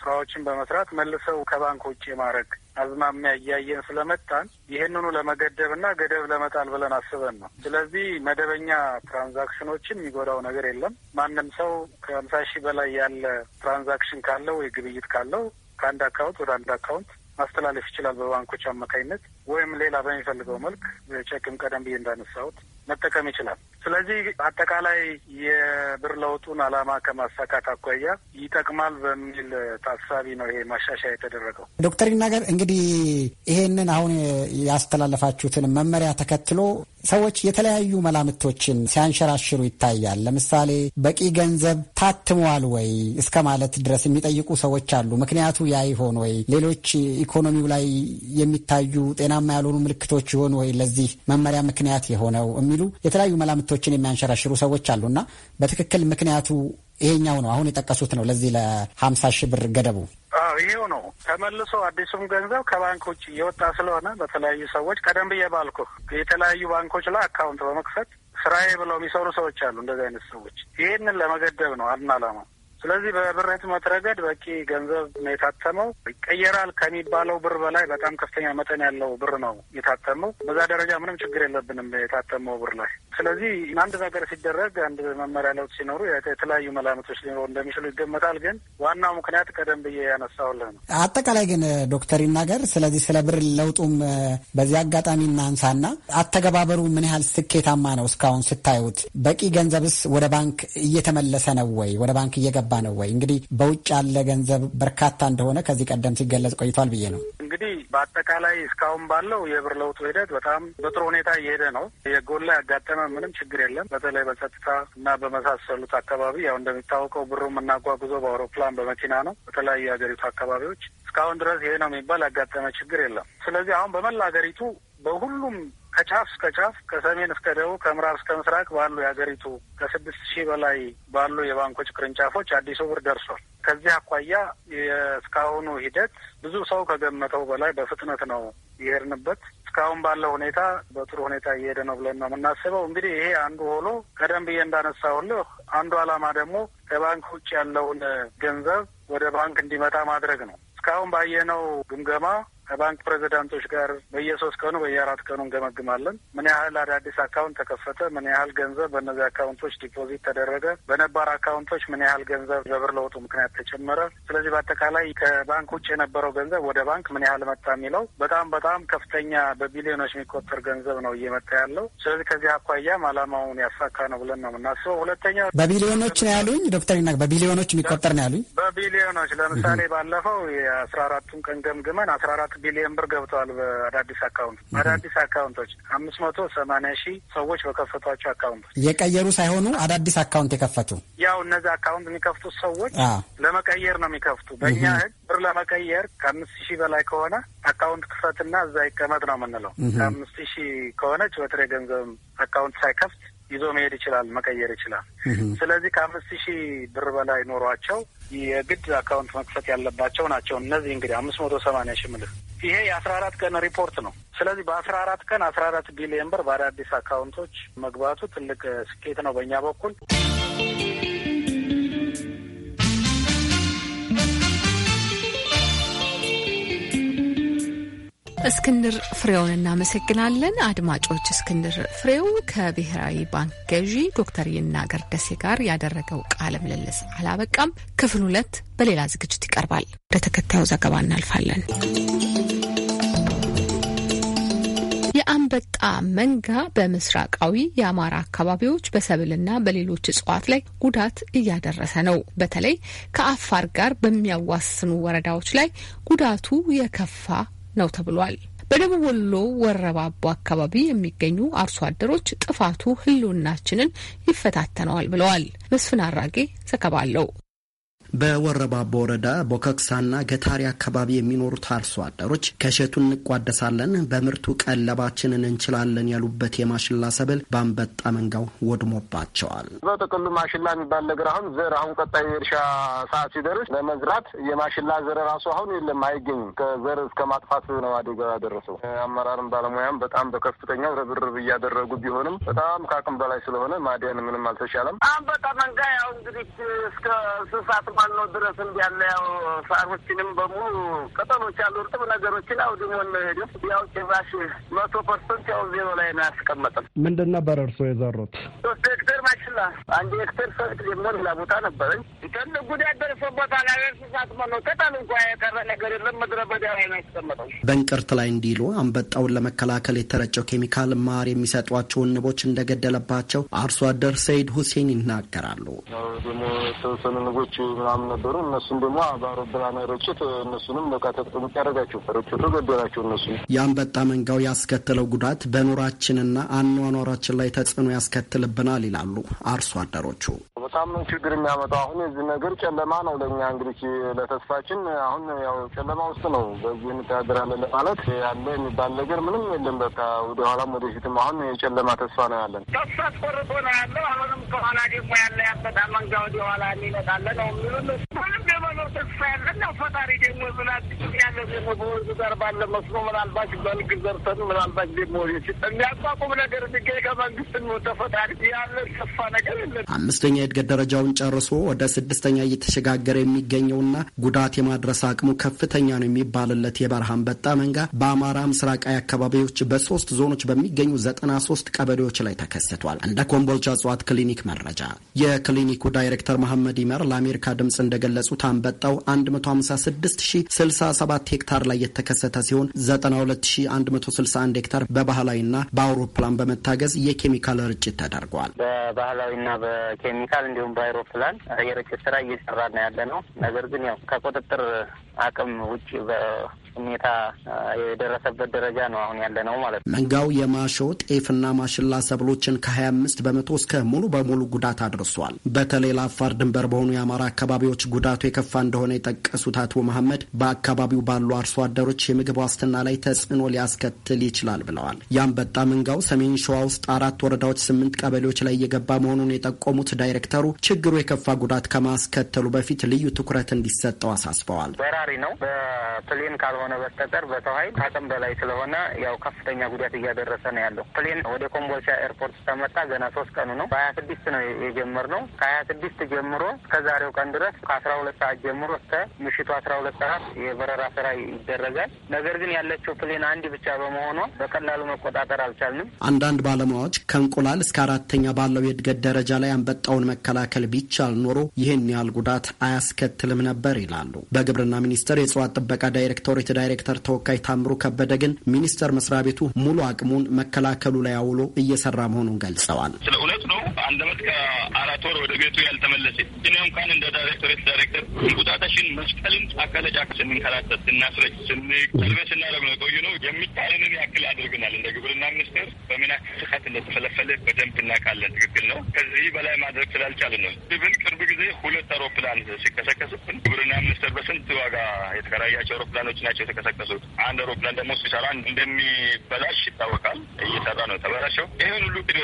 ስራዎችን በመስራት መልሰው ከባንክ ውጭ ማድረግ አዝማሚያ እያየን ስለመጣን ይህንኑ ለመገደብ እና ገደብ ለመጣል ብለን አስበን ነው። ስለዚህ መደበኛ ትራንዛክሽኖችን የሚጎዳው ነገር የለም። ማንም ሰው ከሀምሳ ሺህ በላይ ያለ ትራንዛክሽን ካለው ወይ ግብይት ካለው ከአንድ አካውንት ወደ አንድ አካውንት ማስተላለፍ ይችላል በባንኮች አማካኝነት ወይም ሌላ በሚፈልገው መልክ ቼክም ቀደም ብዬ እንዳነሳሁት መጠቀም ይችላል። ስለዚህ አጠቃላይ የብር ለውጡን ዓላማ ከማሳካት አኳያ ይጠቅማል በሚል ታሳቢ ነው ይሄ ማሻሻያ የተደረገው። ዶክተር ይናገር እንግዲህ ይሄንን አሁን ያስተላለፋችሁትን መመሪያ ተከትሎ ሰዎች የተለያዩ መላምቶችን ሲያንሸራሽሩ ይታያል። ለምሳሌ በቂ ገንዘብ ታትመዋል ወይ እስከ ማለት ድረስ የሚጠይቁ ሰዎች አሉ። ምክንያቱ ያ ይሆን ወይ? ሌሎች ኢኮኖሚው ላይ የሚታዩ ጤናማ ያልሆኑ ምልክቶች ይሆን ወይ ለዚህ መመሪያ ምክንያት የሆነው የሚሉ የሚሉ የተለያዩ መላምቶችን የሚያንሸራሽሩ ሰዎች አሉና በትክክል ምክንያቱ ይሄኛው ነው አሁን የጠቀሱት ነው። ለዚህ ለሀምሳ ሺህ ብር ገደቡ ይሄው ነው። ተመልሶ አዲሱም ገንዘብ ከባንክ ውጭ እየወጣ ስለሆነ በተለያዩ ሰዎች ቀደም ብዬ ባልኩ የተለያዩ ባንኮች ላይ አካውንት በመክፈት ስራዬ ብለው የሚሰሩ ሰዎች አሉ። እንደዚህ አይነት ሰዎች ይህንን ለመገደብ ነው አድና ስለዚህ በብር ህትመት ረገድ በቂ ገንዘብ ነው የታተመው። ይቀየራል ከሚባለው ብር በላይ በጣም ከፍተኛ መጠን ያለው ብር ነው የታተመው። በዛ ደረጃ ምንም ችግር የለብንም የታተመው ብር ላይ። ስለዚህ አንድ ነገር ሲደረግ አንድ መመሪያ ለውጥ ሲኖሩ የተለያዩ መላምቶች ሊኖሩ እንደሚችሉ ይገመታል። ግን ዋናው ምክንያት ቀደም ብዬ ያነሳሁልህ ነው። አጠቃላይ ግን ዶክተር ይናገር ስለዚህ ስለ ብር ለውጡም በዚህ አጋጣሚ እናንሳና አተገባበሩ ምን ያህል ስኬታማ ነው እስካሁን ስታዩት? በቂ ገንዘብስ ወደ ባንክ እየተመለሰ ነው ወይ ወደ ባንክ እየገባ የተዛባ ነው ወይ? እንግዲህ በውጭ ያለ ገንዘብ በርካታ እንደሆነ ከዚህ ቀደም ሲገለጽ ቆይቷል ብዬ ነው። እንግዲህ በአጠቃላይ እስካሁን ባለው የብር ለውጡ ሂደት በጣም በጥሩ ሁኔታ እየሄደ ነው። የጎላ ያጋጠመ ምንም ችግር የለም። በተለይ በጸጥታ እና በመሳሰሉት አካባቢ ያው እንደሚታወቀው ብሩ የምናጓጉዘው በአውሮፕላን በመኪና ነው። በተለያዩ የሀገሪቱ አካባቢዎች እስካሁን ድረስ ይሄ ነው የሚባል ያጋጠመ ችግር የለም። ስለዚህ አሁን በመላ ሀገሪቱ በሁሉም ከጫፍ እስከ ጫፍ ከሰሜን እስከ ደቡብ ከምዕራብ እስከ ምስራቅ ባሉ የሀገሪቱ ከስድስት ሺህ በላይ ባሉ የባንኮች ቅርንጫፎች አዲሱ ብር ደርሷል። ከዚህ አኳያ የእስካሁኑ ሂደት ብዙ ሰው ከገመተው በላይ በፍጥነት ነው የሄድንበት። እስካሁን ባለው ሁኔታ በጥሩ ሁኔታ እየሄደ ነው ብለን ነው የምናስበው። እንግዲህ ይሄ አንዱ ሆኖ ቀደም ብዬ እንዳነሳሁልህ አንዱ ዓላማ ደግሞ ከባንክ ውጭ ያለውን ገንዘብ ወደ ባንክ እንዲመጣ ማድረግ ነው። እስካሁን ባየነው ግምገማ ከባንክ ፕሬዚዳንቶች ጋር በየሶስት ቀኑ በየአራት ቀኑ እንገመግማለን። ምን ያህል አዳዲስ አካውንት ተከፈተ፣ ምን ያህል ገንዘብ በእነዚህ አካውንቶች ዲፖዚት ተደረገ፣ በነባር አካውንቶች ምን ያህል ገንዘብ በብር ለውጡ ምክንያት ተጨመረ። ስለዚህ በአጠቃላይ ከባንክ ውጭ የነበረው ገንዘብ ወደ ባንክ ምን ያህል መጣ የሚለው በጣም በጣም ከፍተኛ በቢሊዮኖች የሚቆጠር ገንዘብ ነው እየመጣ ያለው። ስለዚህ ከዚህ አኳያም አላማውን ያሳካ ነው ብለን ነው የምናስበው። ሁለተኛው በቢሊዮኖች ነው ያሉኝ ዶክተር ይናቅ በቢሊዮኖች የሚቆጠር ነው ያሉኝ። በቢሊዮኖች ለምሳሌ ባለፈው የአስራ አራቱን ቀን ገምግመን አስራ አራት ቢሊዮን ብር ገብተዋል በአዳዲስ አካውንት አዳዲስ አካውንቶች አምስት መቶ ሰማንያ ሺህ ሰዎች በከፈቷቸው አካውንቶች የቀየሩ ሳይሆኑ አዳዲስ አካውንት የከፈቱ ያው እነዚህ አካውንት የሚከፍቱት ሰዎች ለመቀየር ነው የሚከፍቱ። በእኛ ህግ ብር ለመቀየር ከአምስት ሺህ በላይ ከሆነ አካውንት ክፈትና እዛ ይቀመጥ ነው የምንለው። ከአምስት ሺህ ከሆነች በትሬ ገንዘብ አካውንት ሳይከፍት ይዞ መሄድ ይችላል፣ መቀየር ይችላል። ስለዚህ ከአምስት ሺህ ብር በላይ ኖሯቸው የግድ አካውንት መክፈት ያለባቸው ናቸው። እነዚህ እንግዲህ አምስት መቶ ሰማንያ ሺህ ምልህ ይሄ የአስራ አራት ቀን ሪፖርት ነው። ስለዚህ በአስራ አራት ቀን አስራ አራት ቢሊየን ብር በአዳዲስ አካውንቶች መግባቱ ትልቅ ስኬት ነው በእኛ በኩል። እስክንድር ፍሬውን እናመሰግናለን። አድማጮች፣ እስክንድር ፍሬው ከብሔራዊ ባንክ ገዢ ዶክተር ይናገር ደሴ ጋር ያደረገው ቃለ ምልልስ አላበቃም። ክፍል ሁለት በሌላ ዝግጅት ይቀርባል። ወደ ተከታዩ ዘገባ እናልፋለን። የአንበጣ መንጋ በምስራቃዊ የአማራ አካባቢዎች በሰብልና በሌሎች እጽዋት ላይ ጉዳት እያደረሰ ነው። በተለይ ከአፋር ጋር በሚያዋስኑ ወረዳዎች ላይ ጉዳቱ የከፋ ነው ተብሏል። በደቡብ ወሎ ወረባቦ አካባቢ የሚገኙ አርሶ አደሮች ጥፋቱ ህልውናችንን ይፈታተነዋል ብለዋል። መስፍን አራጌ ዘገባ አለው። በወረባቦ ወረዳ ቦከክሳና ገታሪ አካባቢ የሚኖሩት አርሶ አደሮች ከሸቱ እንቋደሳለን፣ በምርቱ ቀለባችንን እንችላለን ያሉበት የማሽላ ሰብል በአንበጣ መንጋው ወድሞባቸዋል። በጥቅሉ ማሽላ የሚባል ነገር አሁን ዘር አሁን ቀጣይ እርሻ ሰዓት ሲደርስ ለመዝራት የማሽላ ዘር ራሱ አሁን የለም፣ አይገኝም። ከዘር እስከ ማጥፋት ነው አደጋ ያደረሰው። አመራርም ባለሙያም በጣም በከፍተኛው ርብርብ እያደረጉ ቢሆንም በጣም ከአቅም በላይ ስለሆነ ማዲያን ምንም አልተቻለም። አንበጣ መንጋ ያው እንግዲህ እስከ ስንት ሰዓት ማኖ ድረስ እንዲያለ ያው ሳሮችንም በሙሉ ቅጠሎች ያሉ እርጥብ ነገሮችን አውድሞን ሄዱ። ያው ጭራሽ መቶ ፐርሰንት ያው ዜሮ ላይ ነው ያስቀመጠም። ምንድን ነበር እርስዎ የዘሩት? ሶስት ሄክተር ማሽላ፣ አንድ ሄክተር ሰርት ጀመር ላ ቦታ ነበረኝ። ትልቅ ጉዳት ደርሶበት አላገር ስሳት መኖ ቅጠል እንኳ የቀረ ነገር የለም። ምድረ በዳ ላይ ነው ያስቀመጠው። በእንቅርት ላይ እንዲሉ አንበጣውን ለመከላከል የተረጨው ኬሚካል ማር የሚሰጧቸውን ንቦች እንደገደለባቸው አርሶ አደር ሰይድ ሁሴን ይናገራሉ። ደግሞ የተወሰኑ ንቦች ምናምን ነበሩ። እነሱም ደግሞ በአውሮፕላን ርጭት እነሱንም በቃ ተቅጥምቅ ያደረጋቸው ርጭቱ ገደላቸው። እነሱ የአንበጣ መንጋው ያስከተለው ጉዳት በኑራችንና አኗኗራችን ላይ ተጽዕኖ ያስከትልብናል ይላሉ አርሶ አደሮቹ። ሳምንት ችግር የሚያመጣው አሁን የዚህ ነገር ጨለማ ነው። ለእኛ እንግዲህ ለተስፋችን አሁን ያው ጨለማ ውስጥ ነው። በዚህ እንተዳደራለን ለማለት ያለ የሚባል ነገር ምንም የለም። በቃ ወደ ኋላም ወደፊትም አሁን የጨለማ ተስፋ ነው ያለን። ተስፋ አስቆርጦ ነው ያለው። አሁንም ከኋላ ደግሞ ያለ ያበጣ መንጋ ወደ ኋላ የሚመጣለ ነው ምንም ምንም የመኖር ተስፋ ያለን ነው። ፈጣሪ ደግሞ ምናት ያለ ደግሞ በወንዙ ጋር ባለ መስኖ ምናልባት በልግ ዘርተን ምናልባት ደግሞ የሚያቋቁም ነገር የሚገኝ ከመንግስት ነው ተፈጣሪ ያለ ተስፋ ነገር የለን። አምስተኛ የእድገት ደረጃውን ጨርሶ ወደ ስድስተኛ እየተሸጋገረ የሚገኘውና ጉዳት የማድረስ አቅሙ ከፍተኛ ነው የሚባልለት የበረሃ አንበጣ መንጋ በአማራ ምስራቃዊ አካባቢዎች በሶስት ዞኖች በሚገኙ ዘጠና ሶስት ቀበሌዎች ላይ ተከስቷል። እንደ ኮምቦልቻ እጽዋት ክሊኒክ መረጃ የክሊኒኩ ዳይሬክተር መሐመድ ይመር ለአሜሪካ ድምፅ እንደገለጹት አንበጣው 156067 ሄክታር ላይ የተከሰተ ሲሆን 92161 ሄክታር በባህላዊና በአውሮፕላን በመታገዝ የኬሚካል ርጭት ተደርጓል። በባህላዊና በኬሚካል እንዲሁም በአይሮፕላን አየሮች ስራ እየሰራ ነው ያለ ነው። ነገር ግን ያው ከቁጥጥር አቅም ውጭ ሁኔታ የደረሰበት ደረጃ ነው አሁን ያለ ነው ማለት ነው። መንጋው የማሾ ጤፍና ማሽላ ሰብሎችን ከ25 በመቶ እስከ ሙሉ በሙሉ ጉዳት አድርሷል። በተለይ ለአፋር ድንበር በሆኑ የአማራ አካባቢዎች ጉዳቱ የከፋ እንደሆነ የጠቀሱት አቶ መሐመድ በአካባቢው ባሉ አርሶ አደሮች የምግብ ዋስትና ላይ ተጽዕኖ ሊያስከትል ይችላል ብለዋል። የአንበጣ መንጋው ሰሜን ሸዋ ውስጥ አራት ወረዳዎች ስምንት ቀበሌዎች ላይ እየገባ መሆኑን የጠቆሙት ዳይሬክተሩ ችግሩ የከፋ ጉዳት ከማስከተሉ በፊት ልዩ ትኩረት እንዲሰጠው አሳስበዋል። በራሪ ነው በፕሌን ካልሆነ በስተቀር በሰው ኃይል አቅም በላይ ስለሆነ ያው ከፍተኛ ጉዳት እያደረሰ ነው ያለው። ፕሌን ወደ ኮምቦልቻ ኤርፖርት ስተመጣ ገና ሶስት ቀኑ ነው። በሀያ ስድስት ነው የጀመርነው። ከሀያ ስድስት ጀምሮ እስከዛሬው ቀን ድረስ ከአስራ ሁለት ሰዓት ጀምሮ እስከ ምሽቱ አስራ ሁለት ሰዓት የበረራ ስራ ይደረጋል። ነገር ግን ያለችው ፕሌን አንድ ብቻ በመሆኗ በቀላሉ መቆጣጠር አልቻልንም። አንዳንድ ባለሙያዎች ከእንቁላል እስከ አራተኛ ባለው የእድገት ደረጃ ላይ አንበጣውን መከላከል ቢቻል ኖሮ ይህን ያህል ጉዳት አያስከትልም ነበር ይላሉ። በግብርና ሚኒስቴር የእጽዋት ጥበቃ ዳይሬክቶሬት ምክትል ዳይሬክተር ተወካይ ታምሩ ከበደ ግን ሚኒስቴር መስሪያ ቤቱ ሙሉ አቅሙን መከላከሉ ላይ አውሎ እየሰራ መሆኑን ገልጸዋል። ስለ እውነት ነው አንድ አመት ከአራት ወር ወደ ቤቱ ያልተመለሰ እኔም እንኳን እንደ ዳይሬክቶሬት ዳይሬክተር እንቁጣጣሽን መስቀልን አካለጫ ለጫካ ስንንከራተት ስናስረጭ ስንቀልበ ስናረብ ነው የቆዩ ነው። የሚቻለንን ያክል አድርግናል። እንደ ግብርና ሚኒስቴር በምን ያክል ስፋት እንደተፈለፈለ በደንብ እናውቃለን። ትክክል ነው። ከዚህ በላይ ማድረግ ስላልቻልን ነው ብን ቅርብ ጊዜ ሁለት አውሮፕላን ሲከሰከሱብን ግብርና ሚኒስቴር በስንት ዋጋ የተከራያቸው አውሮፕላኖች ናቸው የተከሰከሱት። አንድ አውሮፕላን ደግሞ ሲሰራ እንደሚበላሽ ይታወቃል። እየሰራ ነው ተበላሸው። ይህን ሁሉ ቅድ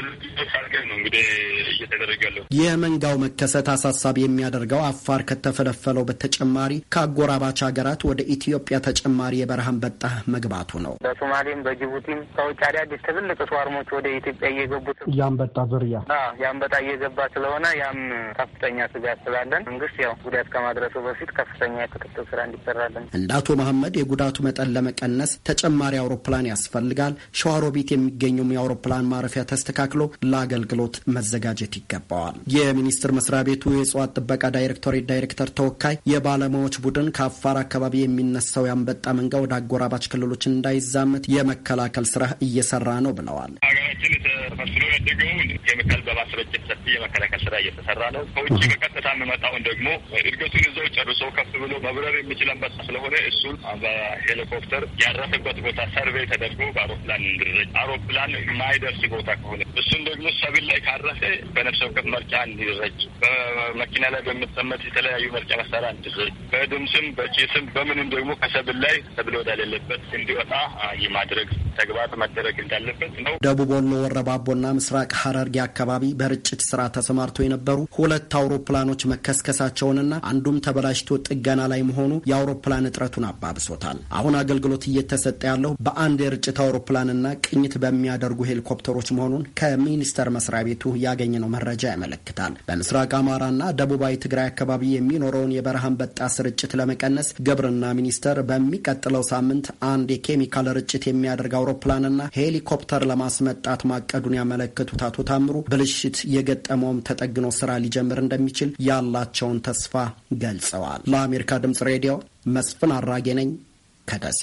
ነው እንግዲህ እየተደረገ ያለው። የመንጋው መከሰት አሳሳቢ የሚያደርገው አፋር ከተፈለፈለው በተጨማሪ ከአጎራባች ሀገራት ወደ ኢትዮጵያ ተጨማሪ የበረሃ አንበጣ መግባቱ ነው። በሶማሌም በጅቡቲም ከውጭ አዳዲስ ትልልቅ ስዋርሞች ወደ ኢትዮጵያ እየገቡት የአንበጣ ዝርያ የአንበጣ እየገባ ስለሆነ ያም ከፍተኛ ስጋት ስላለን መንግስት ያው ጉዳት ከማድረሱ በፊት ከፍተኛ የክትትል ስራ እንዲሰራለን። እንደ አቶ መሐመድ የጉዳቱ መጠን ለመቀነስ ተጨማሪ አውሮፕላን ያስፈልጋል። ሸዋሮቢት የሚገኘውም የአውሮፕላን ማረፊያ ተስተካክሎ ለአገልግሎት መ መዘጋጀት ይገባዋል። የሚኒስቴር መስሪያ ቤቱ የእጽዋት ጥበቃ ዳይሬክቶሬት ዳይሬክተር ተወካይ የባለሙያዎች ቡድን ከአፋር አካባቢ የሚነሳው የአንበጣ መንጋ ወደ አጎራባች ክልሎች እንዳይዛመት የመከላከል ስራ እየሰራ ነው ብለዋል። ሀገራችን ተመስሎ ያደገውን ኬሚካል በማስረጭት ሰፊ የመከላከል ስራ እየተሰራ ነው። ከውጭ በቀጥታ የምመጣውን ደግሞ እድገቱን እዛው ጨርሶ ከፍ ብሎ መብረር የሚችል አንበጣ ስለሆነ እሱን በሄሊኮፕተር ያረፈበት ቦታ ሰርቬይ ተደርጎ በአውሮፕላን እንድረጭ አውሮፕላን ማይደርስ ቦታ ከሆነ እሱን ደግሞ ሰብል ላይ ካረፈ እንቅስቃሴ በነፍሰ ወከፍ መርጫ እንዲረጭ፣ በመኪና ላይ በምትሰመት የተለያዩ መርጫ መሳሪያ እንዲረጭ፣ በድምስም በጭስም በምንም ደግሞ ከሰብል ላይ ሰብል ወዳሌለበት እንዲወጣ የማድረግ ተግባር መደረግ እንዳለበት ነው። ደቡብ ወሎ ወረባቦና ምስራቅ ሀረርጌ አካባቢ በርጭት ስራ ተሰማርቶ የነበሩ ሁለት አውሮፕላኖች መከስከሳቸውንና አንዱም ተበላሽቶ ጥገና ላይ መሆኑ የአውሮፕላን እጥረቱን አባብሶታል። አሁን አገልግሎት እየተሰጠ ያለው በአንድ የርጭት አውሮፕላንና ቅኝት በሚያደርጉ ሄሊኮፕተሮች መሆኑን ከሚኒስቴር መስሪያ ቤቱ ያገኘነው መረጃ ያመለክታል። በምስራቅ አማራና ደቡባዊ ትግራይ አካባቢ የሚኖረውን የበረሃ አንበጣ ስርጭት ለመቀነስ ግብርና ሚኒስቴር በሚቀጥለው ሳምንት አንድ የኬሚካል ርጭት የሚያደርግ አውሮፕላንና ሄሊኮፕተር ለማስመጣት ማቀዱን ያመለክቱት አቶ ታምሩ ብልሽት የገጠመውም ተጠግኖ ስራ ሊጀምር እንደሚችል ያላቸውን ተስፋ ገልጸዋል። ለአሜሪካ ድምጽ ሬዲዮ መስፍን አራጌ ነኝ ከደሴ።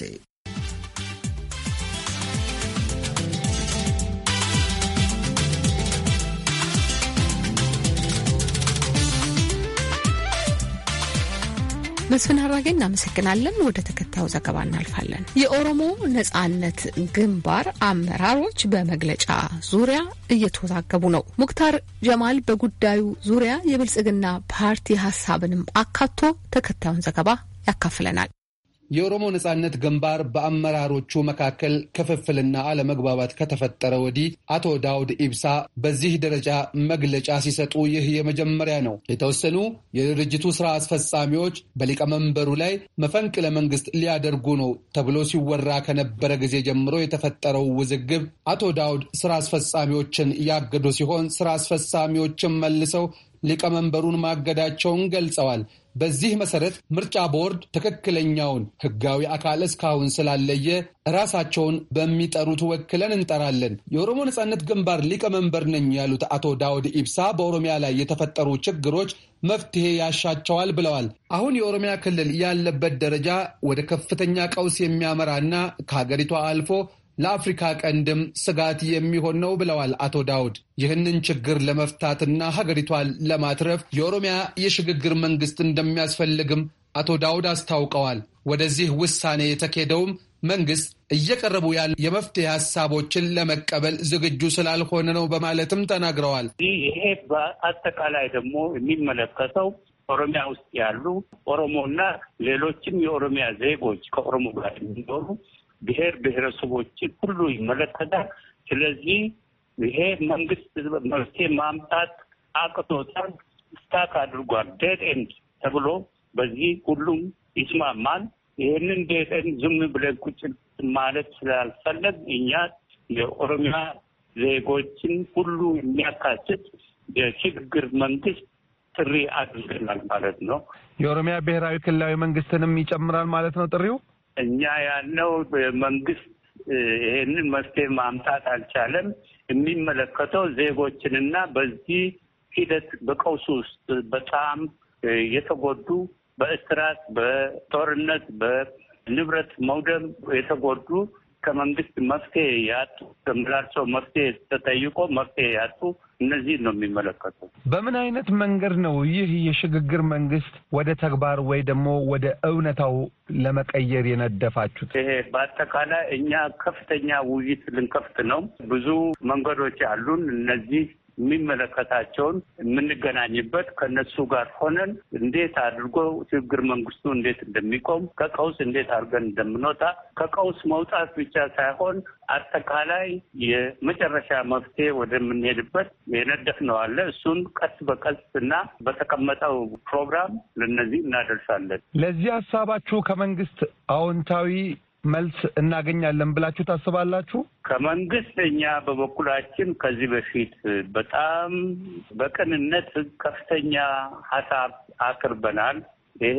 መስፍን ሀራጌ እናመሰግናለን። ወደ ተከታዩ ዘገባ እናልፋለን። የኦሮሞ ነጻነት ግንባር አመራሮች በመግለጫ ዙሪያ እየተወዛገቡ ነው። ሙክታር ጀማል በጉዳዩ ዙሪያ የብልጽግና ፓርቲ ሀሳብንም አካቶ ተከታዩን ዘገባ ያካፍለናል። የኦሮሞ ነጻነት ግንባር በአመራሮቹ መካከል ክፍፍልና አለመግባባት ከተፈጠረ ወዲህ አቶ ዳውድ ኢብሳ በዚህ ደረጃ መግለጫ ሲሰጡ ይህ የመጀመሪያ ነው። የተወሰኑ የድርጅቱ ስራ አስፈጻሚዎች በሊቀመንበሩ ላይ መፈንቅለ መንግስት ሊያደርጉ ነው ተብሎ ሲወራ ከነበረ ጊዜ ጀምሮ የተፈጠረው ውዝግብ አቶ ዳውድ ስራ አስፈጻሚዎችን ያገዱ ሲሆን ስራ አስፈጻሚዎችን መልሰው ሊቀመንበሩን ማገዳቸውን ገልጸዋል። በዚህ መሰረት ምርጫ ቦርድ ትክክለኛውን ሕጋዊ አካል እስካሁን ስላለየ ራሳቸውን በሚጠሩት ወክለን እንጠራለን። የኦሮሞ ነጻነት ግንባር ሊቀመንበር ነኝ ያሉት አቶ ዳውድ ኢብሳ በኦሮሚያ ላይ የተፈጠሩ ችግሮች መፍትሄ ያሻቸዋል ብለዋል። አሁን የኦሮሚያ ክልል ያለበት ደረጃ ወደ ከፍተኛ ቀውስ የሚያመራና ከሀገሪቷ አልፎ ለአፍሪካ ቀንድም ስጋት የሚሆን ነው ብለዋል አቶ ዳውድ። ይህንን ችግር ለመፍታትና ሀገሪቷን ለማትረፍ የኦሮሚያ የሽግግር መንግስት እንደሚያስፈልግም አቶ ዳውድ አስታውቀዋል። ወደዚህ ውሳኔ የተኬደውም መንግስት እየቀረቡ ያሉ የመፍትሄ ሀሳቦችን ለመቀበል ዝግጁ ስላልሆነ ነው በማለትም ተናግረዋል። ይሄ በአጠቃላይ ደግሞ የሚመለከተው ኦሮሚያ ውስጥ ያሉ ኦሮሞና ሌሎችም የኦሮሚያ ዜጎች ከኦሮሞ ጋር የሚኖሩ ብሔር ብሔረሰቦችን ሁሉ ይመለከታል። ስለዚህ ይሄ መንግስት መፍትሄ ማምጣት አቅቶታል፣ ስታክ አድርጓል። ዴድ ኤንድ ተብሎ በዚህ ሁሉም ይስማማል። ይህንን ዴድ ኤንድ ዝም ብለን ቁጭ ማለት ስላልፈለግ እኛ የኦሮሚያ ዜጎችን ሁሉ የሚያካትት የሽግግር መንግስት ጥሪ አድርገናል ማለት ነው። የኦሮሚያ ብሔራዊ ክልላዊ መንግስትንም ይጨምራል ማለት ነው ጥሪው። እኛ ያለው መንግስት ይሄንን መፍትሄ ማምጣት አልቻለም። የሚመለከተው ዜጎችንና በዚህ ሂደት በቀውስ ውስጥ በጣም የተጎዱ በእስራት፣ በጦርነት፣ በንብረት መውደም የተጎዱ ከመንግስት መፍትሄ ያጡ ከምላቸው መፍትሄ ተጠይቆ መፍትሄ ያጡ እነዚህ ነው የሚመለከቱ። በምን አይነት መንገድ ነው ይህ የሽግግር መንግስት ወደ ተግባር ወይ ደግሞ ወደ እውነታው ለመቀየር የነደፋችሁት? ይሄ በአጠቃላይ እኛ ከፍተኛ ውይይት ልንከፍት ነው። ብዙ መንገዶች አሉን። እነዚህ የሚመለከታቸውን የምንገናኝበት ከነሱ ጋር ሆነን እንዴት አድርጎ ችግር መንግስቱ እንዴት እንደሚቆም ከቀውስ እንዴት አድርገን እንደምንወጣ ከቀውስ መውጣት ብቻ ሳይሆን አጠቃላይ የመጨረሻ መፍትሄ ወደምንሄድበት ነው አለ። እሱን ቀስ በቀስ እና በተቀመጠው ፕሮግራም ለነዚህ እናደርሳለን። ለዚህ ሀሳባችሁ ከመንግስት አዎንታዊ መልስ እናገኛለን ብላችሁ ታስባላችሁ? ከመንግስት እኛ በበኩላችን ከዚህ በፊት በጣም በቅንነት ከፍተኛ ሀሳብ አቅርበናል። ይሄ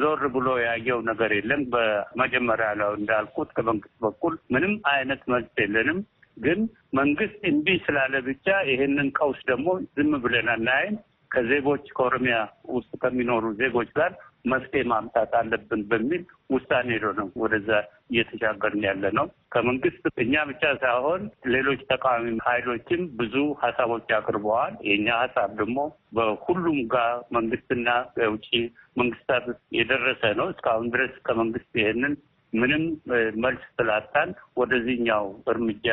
ዞር ብሎ ያየው ነገር የለም። በመጀመሪያ ላ እንዳልኩት ከመንግስት በኩል ምንም አይነት መልስ የለንም። ግን መንግስት እምቢ ስላለ ብቻ ይህንን ቀውስ ደግሞ ዝም ብለን አናይም። ከዜጎች ከኦሮሚያ ውስጥ ከሚኖሩ ዜጎች ጋር መፍትሄ ማምጣት አለብን በሚል ውሳኔ ሄዶ ነው ወደዛ እየተሻገርን ያለ ነው። ከመንግስት እኛ ብቻ ሳይሆን ሌሎች ተቃዋሚ ኃይሎችም ብዙ ሀሳቦች አቅርበዋል። የእኛ ሀሳብ ደግሞ በሁሉም ጋር መንግስትና የውጭ መንግስታት የደረሰ ነው። እስካሁን ድረስ ከመንግስት ይህንን ምንም መልስ ስላጣን ወደዚህኛው እርምጃ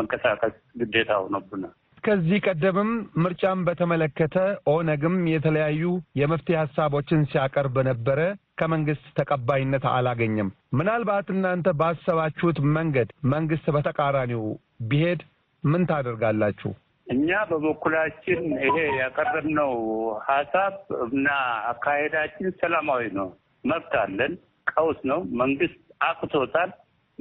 መንቀሳቀስ ግዴታ ሆኖብናል። ከዚህ ቀደምም ምርጫን በተመለከተ ኦነግም የተለያዩ የመፍትሄ ሀሳቦችን ሲያቀርብ ነበረ። ከመንግስት ተቀባይነት አላገኘም። ምናልባት እናንተ ባሰባችሁት መንገድ መንግስት በተቃራኒው ቢሄድ ምን ታደርጋላችሁ? እኛ በበኩላችን ይሄ ያቀረብነው ሀሳብ እና አካሄዳችን ሰላማዊ ነው። መብት አለን። ቀውስ ነው። መንግስት አቅቶታል።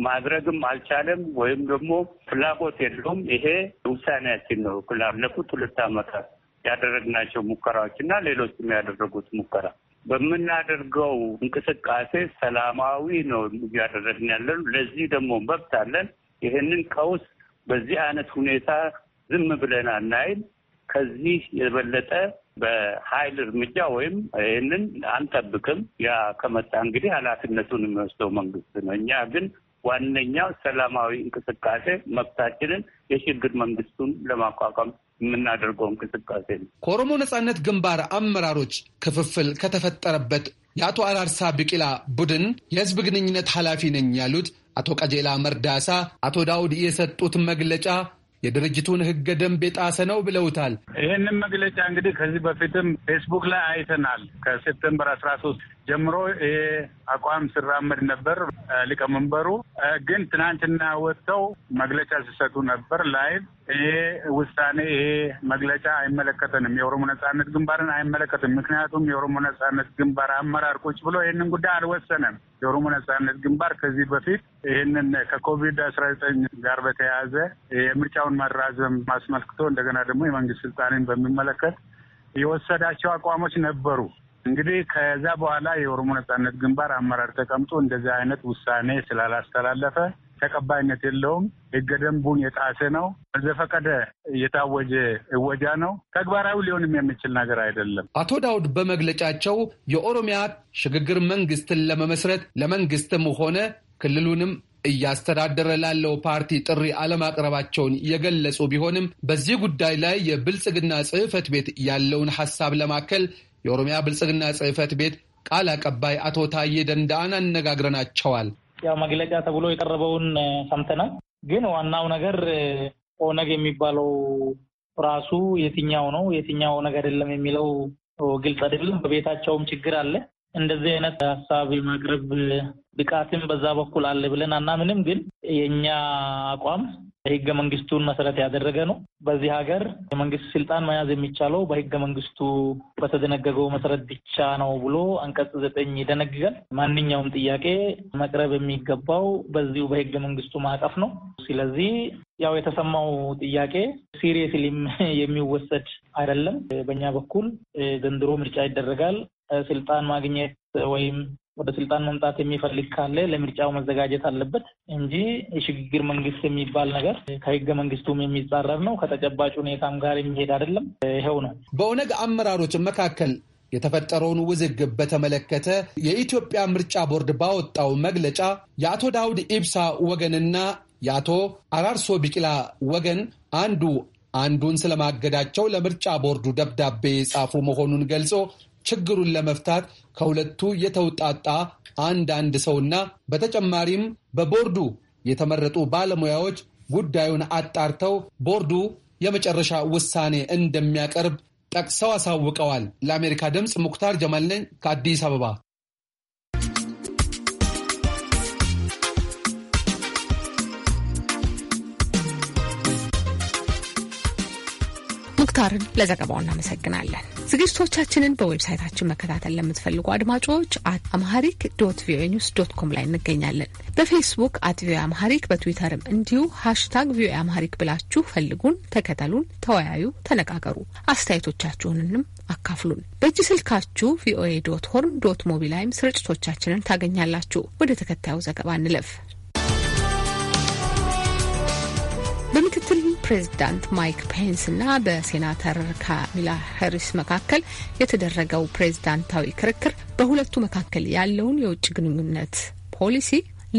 ማድረግም አልቻለም ወይም ደግሞ ፍላጎት የለውም። ይሄ ውሳኔያችን ነው። ላለፉት ሁለት ዓመታት ያደረግናቸው ሙከራዎች እና ሌሎችም ያደረጉት ሙከራ በምናደርገው እንቅስቃሴ ሰላማዊ ነው እያደረግን ያለን። ለዚህ ደግሞ መብት አለን። ይህንን ቀውስ በዚህ አይነት ሁኔታ ዝም ብለን አናይም። ከዚህ የበለጠ በኃይል እርምጃ ወይም ይህንን አንጠብቅም። ያ ከመጣ እንግዲህ ኃላፊነቱን የሚወስደው መንግስት ነው። እኛ ግን ዋነኛው ሰላማዊ እንቅስቃሴ መብታችንን የሽግግር መንግስቱን ለማቋቋም የምናደርገው እንቅስቃሴ ነው። ከኦሮሞ ነጻነት ግንባር አመራሮች ክፍፍል ከተፈጠረበት የአቶ አራርሳ ቢቂላ ቡድን የህዝብ ግንኙነት ኃላፊ ነኝ ያሉት አቶ ቀጀላ መርዳሳ አቶ ዳውድ የሰጡት መግለጫ የድርጅቱን ህገ ደንብ የጣሰ ነው ብለውታል። ይህንን መግለጫ እንግዲህ ከዚህ በፊትም ፌስቡክ ላይ አይተናል። ከሴፕተምበር አስራ ሶስት ጀምሮ ይሄ አቋም ሲራመድ ነበር። ሊቀመንበሩ ግን ትናንትና ወጥተው መግለጫ ሲሰጡ ነበር ላይቭ። ይሄ ውሳኔ ይሄ መግለጫ አይመለከተንም፣ የኦሮሞ ነጻነት ግንባርን አይመለከትም። ምክንያቱም የኦሮሞ ነጻነት ግንባር አመራር ቁጭ ብሎ ይህንን ጉዳይ አልወሰነም። የኦሮሞ ነጻነት ግንባር ከዚህ በፊት ይህንን ከኮቪድ አስራ ዘጠኝ ጋር በተያያዘ የምርጫውን መራዘም አስመልክቶ እንደገና ደግሞ የመንግስት ስልጣንን በሚመለከት የወሰዳቸው አቋሞች ነበሩ። እንግዲህ ከዛ በኋላ የኦሮሞ ነጻነት ግንባር አመራር ተቀምጦ እንደዚህ አይነት ውሳኔ ስላላስተላለፈ ተቀባይነት የለውም፣ ህገ ደንቡን የጣሰ ነው፣ በዘፈቀደ የታወጀ እወጃ ነው፣ ተግባራዊ ሊሆንም የሚችል ነገር አይደለም። አቶ ዳውድ በመግለጫቸው የኦሮሚያ ሽግግር መንግስትን ለመመስረት ለመንግስትም ሆነ ክልሉንም እያስተዳደረ ላለው ፓርቲ ጥሪ አለማቅረባቸውን የገለጹ ቢሆንም በዚህ ጉዳይ ላይ የብልጽግና ጽህፈት ቤት ያለውን ሐሳብ ለማከል የኦሮሚያ ብልጽግና ጽህፈት ቤት ቃል አቀባይ አቶ ታዬ ደንዳአን አነጋግረናቸዋል። ያው መግለጫ ተብሎ የቀረበውን ሰምተናል። ግን ዋናው ነገር ኦነግ የሚባለው ራሱ የትኛው ነው የትኛው ኦነግ አይደለም የሚለው ግልጽ አይደለም። በቤታቸውም ችግር አለ። እንደዚህ አይነት ሀሳብ የማቅረብ ብቃትም በዛ በኩል አለ ብለን አናምንም። ግን የእኛ አቋም የህገ መንግስቱን መሰረት ያደረገ ነው። በዚህ ሀገር የመንግስት ስልጣን መያዝ የሚቻለው በህገ መንግስቱ በተደነገገው መሰረት ብቻ ነው ብሎ አንቀጽ ዘጠኝ ይደነግጋል። ማንኛውም ጥያቄ መቅረብ የሚገባው በዚሁ በህገ መንግስቱ ማዕቀፍ ነው። ስለዚህ ያው የተሰማው ጥያቄ ሲሪየስሊ የሚወሰድ አይደለም። በእኛ በኩል ዘንድሮ ምርጫ ይደረጋል። ስልጣን ማግኘት ወይም ወደ ስልጣን መምጣት የሚፈልግ ካለ ለምርጫው መዘጋጀት አለበት እንጂ የሽግግር መንግስት የሚባል ነገር ከህገ መንግስቱም የሚጻረር ነው፣ ከተጨባጭ ሁኔታም ጋር የሚሄድ አይደለም። ይኸው ነው። በኦነግ አመራሮች መካከል የተፈጠረውን ውዝግብ በተመለከተ የኢትዮጵያ ምርጫ ቦርድ ባወጣው መግለጫ የአቶ ዳውድ ኢብሳ ወገንና የአቶ አራርሶ ቢቂላ ወገን አንዱ አንዱን ስለማገዳቸው ለምርጫ ቦርዱ ደብዳቤ የጻፉ መሆኑን ገልጾ ችግሩን ለመፍታት ከሁለቱ የተውጣጣ አንድ አንድ ሰውና በተጨማሪም በቦርዱ የተመረጡ ባለሙያዎች ጉዳዩን አጣርተው ቦርዱ የመጨረሻ ውሳኔ እንደሚያቀርብ ጠቅሰው አሳውቀዋል። ለአሜሪካ ድምፅ ሙክታር ጀማል ነኝ ከአዲስ አበባ። ሙክታርን ለዘገባው እናመሰግናለን። ዝግጅቶቻችንን በዌብሳይታችን መከታተል ለምትፈልጉ አድማጮች አምሃሪክ ዶት ቪኦኤ ኒውስ ዶት ኮም ላይ እንገኛለን። በፌስቡክ አት ቪኦኤ አምሃሪክ፣ በትዊተርም እንዲሁ ሃሽታግ ቪኦኤ አምሃሪክ ብላችሁ ፈልጉን፣ ተከተሉን፣ ተወያዩ፣ ተነጋገሩ። አስተያየቶቻችሁንንም አካፍሉን። በእጅ ስልካችሁ ቪኦኤ ዶት ሆርን ዶት ሞቢ ላይም ስርጭቶቻችንን ታገኛላችሁ። ወደ ተከታዩ ዘገባ እንለፍ። በምክትል ፕሬዚዳንት ማይክ ፔንስ እና በሴናተር ካሚላ ሀሪስ መካከል የተደረገው ፕሬዚዳንታዊ ክርክር በሁለቱ መካከል ያለውን የውጭ ግንኙነት ፖሊሲ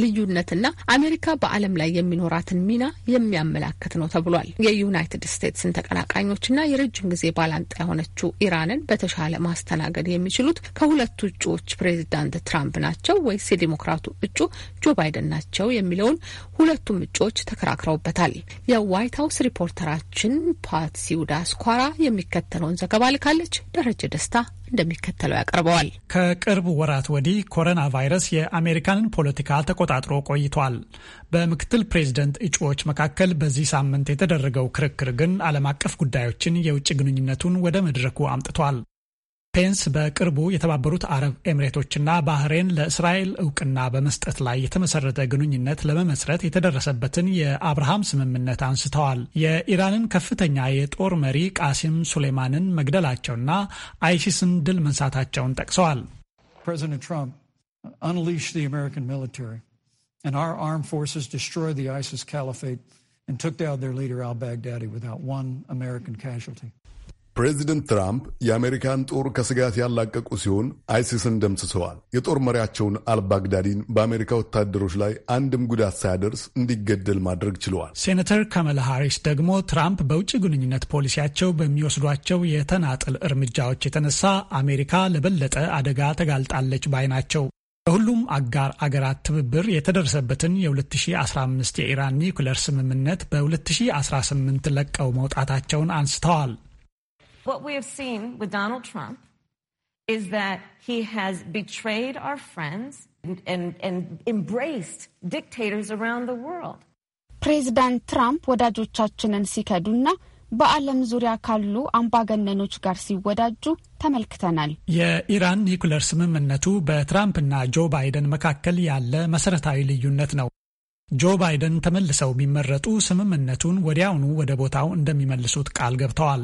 ልዩነትና አሜሪካ በዓለም ላይ የሚኖራትን ሚና የሚያመላክት ነው ተብሏል። የዩናይትድ ስቴትስን ተቀናቃኞችና የረጅም ጊዜ ባላንጣ የሆነችው ኢራንን በተሻለ ማስተናገድ የሚችሉት ከሁለቱ እጩዎች ፕሬዚዳንት ትራምፕ ናቸው ወይስ የዲሞክራቱ እጩ ጆ ባይደን ናቸው የሚለውን ሁለቱም እጩዎች ተከራክረውበታል። የዋይት ሀውስ ሪፖርተራችን ፓትሲውዳ ስኳራ የሚከተለውን ዘገባ ልካለች። ደረጀ ደስታ እንደሚከተለው ያቀርበዋል። ከቅርብ ወራት ወዲህ ኮሮና ቫይረስ የአሜሪካንን ፖለቲካ ተቆጣጥሮ ቆይቷል። በምክትል ፕሬዝደንት እጩዎች መካከል በዚህ ሳምንት የተደረገው ክርክር ግን ዓለም አቀፍ ጉዳዮችን፣ የውጭ ግንኙነቱን ወደ መድረኩ አምጥቷል። ፔንስ በቅርቡ የተባበሩት አረብ ኤምሬቶችና ባህሬን ለእስራኤል እውቅና በመስጠት ላይ የተመሰረተ ግንኙነት ለመመስረት የተደረሰበትን የአብርሃም ስምምነት አንስተዋል። የኢራንን ከፍተኛ የጦር መሪ ቃሲም ሱሌማንን መግደላቸውና አይሲስን ድል መንሳታቸውን ጠቅሰዋል። ፕሬዚደንት ትራምፕ unleashed the American military and our armed forces destroyed the ISIS caliphate and took down their leader al-Baghdadi without one American casualty. ፕሬዚደንት ትራምፕ የአሜሪካን ጦር ከስጋት ያላቀቁ ሲሆን አይሲስን ደምስሰዋል። የጦር መሪያቸውን አልባግዳዲን በአሜሪካ ወታደሮች ላይ አንድም ጉዳት ሳያደርስ እንዲገደል ማድረግ ችለዋል። ሴኔተር ካመላ ሃሪስ ደግሞ ትራምፕ በውጭ ግንኙነት ፖሊሲያቸው በሚወስዷቸው የተናጥል እርምጃዎች የተነሳ አሜሪካ ለበለጠ አደጋ ተጋልጣለች ባይ ናቸው። በሁሉም አጋር አገራት ትብብር የተደረሰበትን የ2015 የኢራን ኒውክለር ስምምነት በ2018 ለቀው መውጣታቸውን አንስተዋል። What we have seen with Donald Trump is that he has betrayed our friends and, and, and embraced dictators around the world. ፕሬዚዳንት ትራምፕ ወዳጆቻችንን ሲከዱና በዓለም ዙሪያ ካሉ አምባገነኖች ጋር ሲወዳጁ ተመልክተናል። የኢራን ኒኩለር ስምምነቱ በትራምፕና ጆ ባይደን መካከል ያለ መሰረታዊ ልዩነት ነው። ጆ ባይደን ተመልሰው ቢመረጡ ስምምነቱን ወዲያውኑ ወደ ቦታው እንደሚመልሱት ቃል ገብተዋል።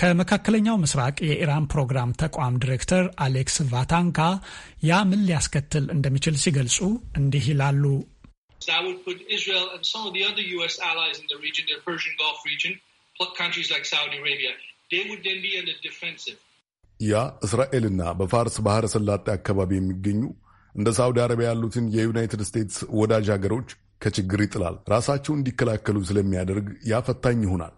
ከመካከለኛው ምስራቅ የኢራን ፕሮግራም ተቋም ዲሬክተር አሌክስ ቫታንካ ያ ምን ሊያስከትል እንደሚችል ሲገልጹ እንዲህ ይላሉ። ያ እስራኤልና በፋርስ ባህረ ሰላጤ አካባቢ የሚገኙ እንደ ሳውዲ አረቢያ ያሉትን የዩናይትድ ስቴትስ ወዳጅ ሀገሮች ከችግር ይጥላል። ራሳቸው እንዲከላከሉ ስለሚያደርግ ያ ፈታኝ ይሆናል።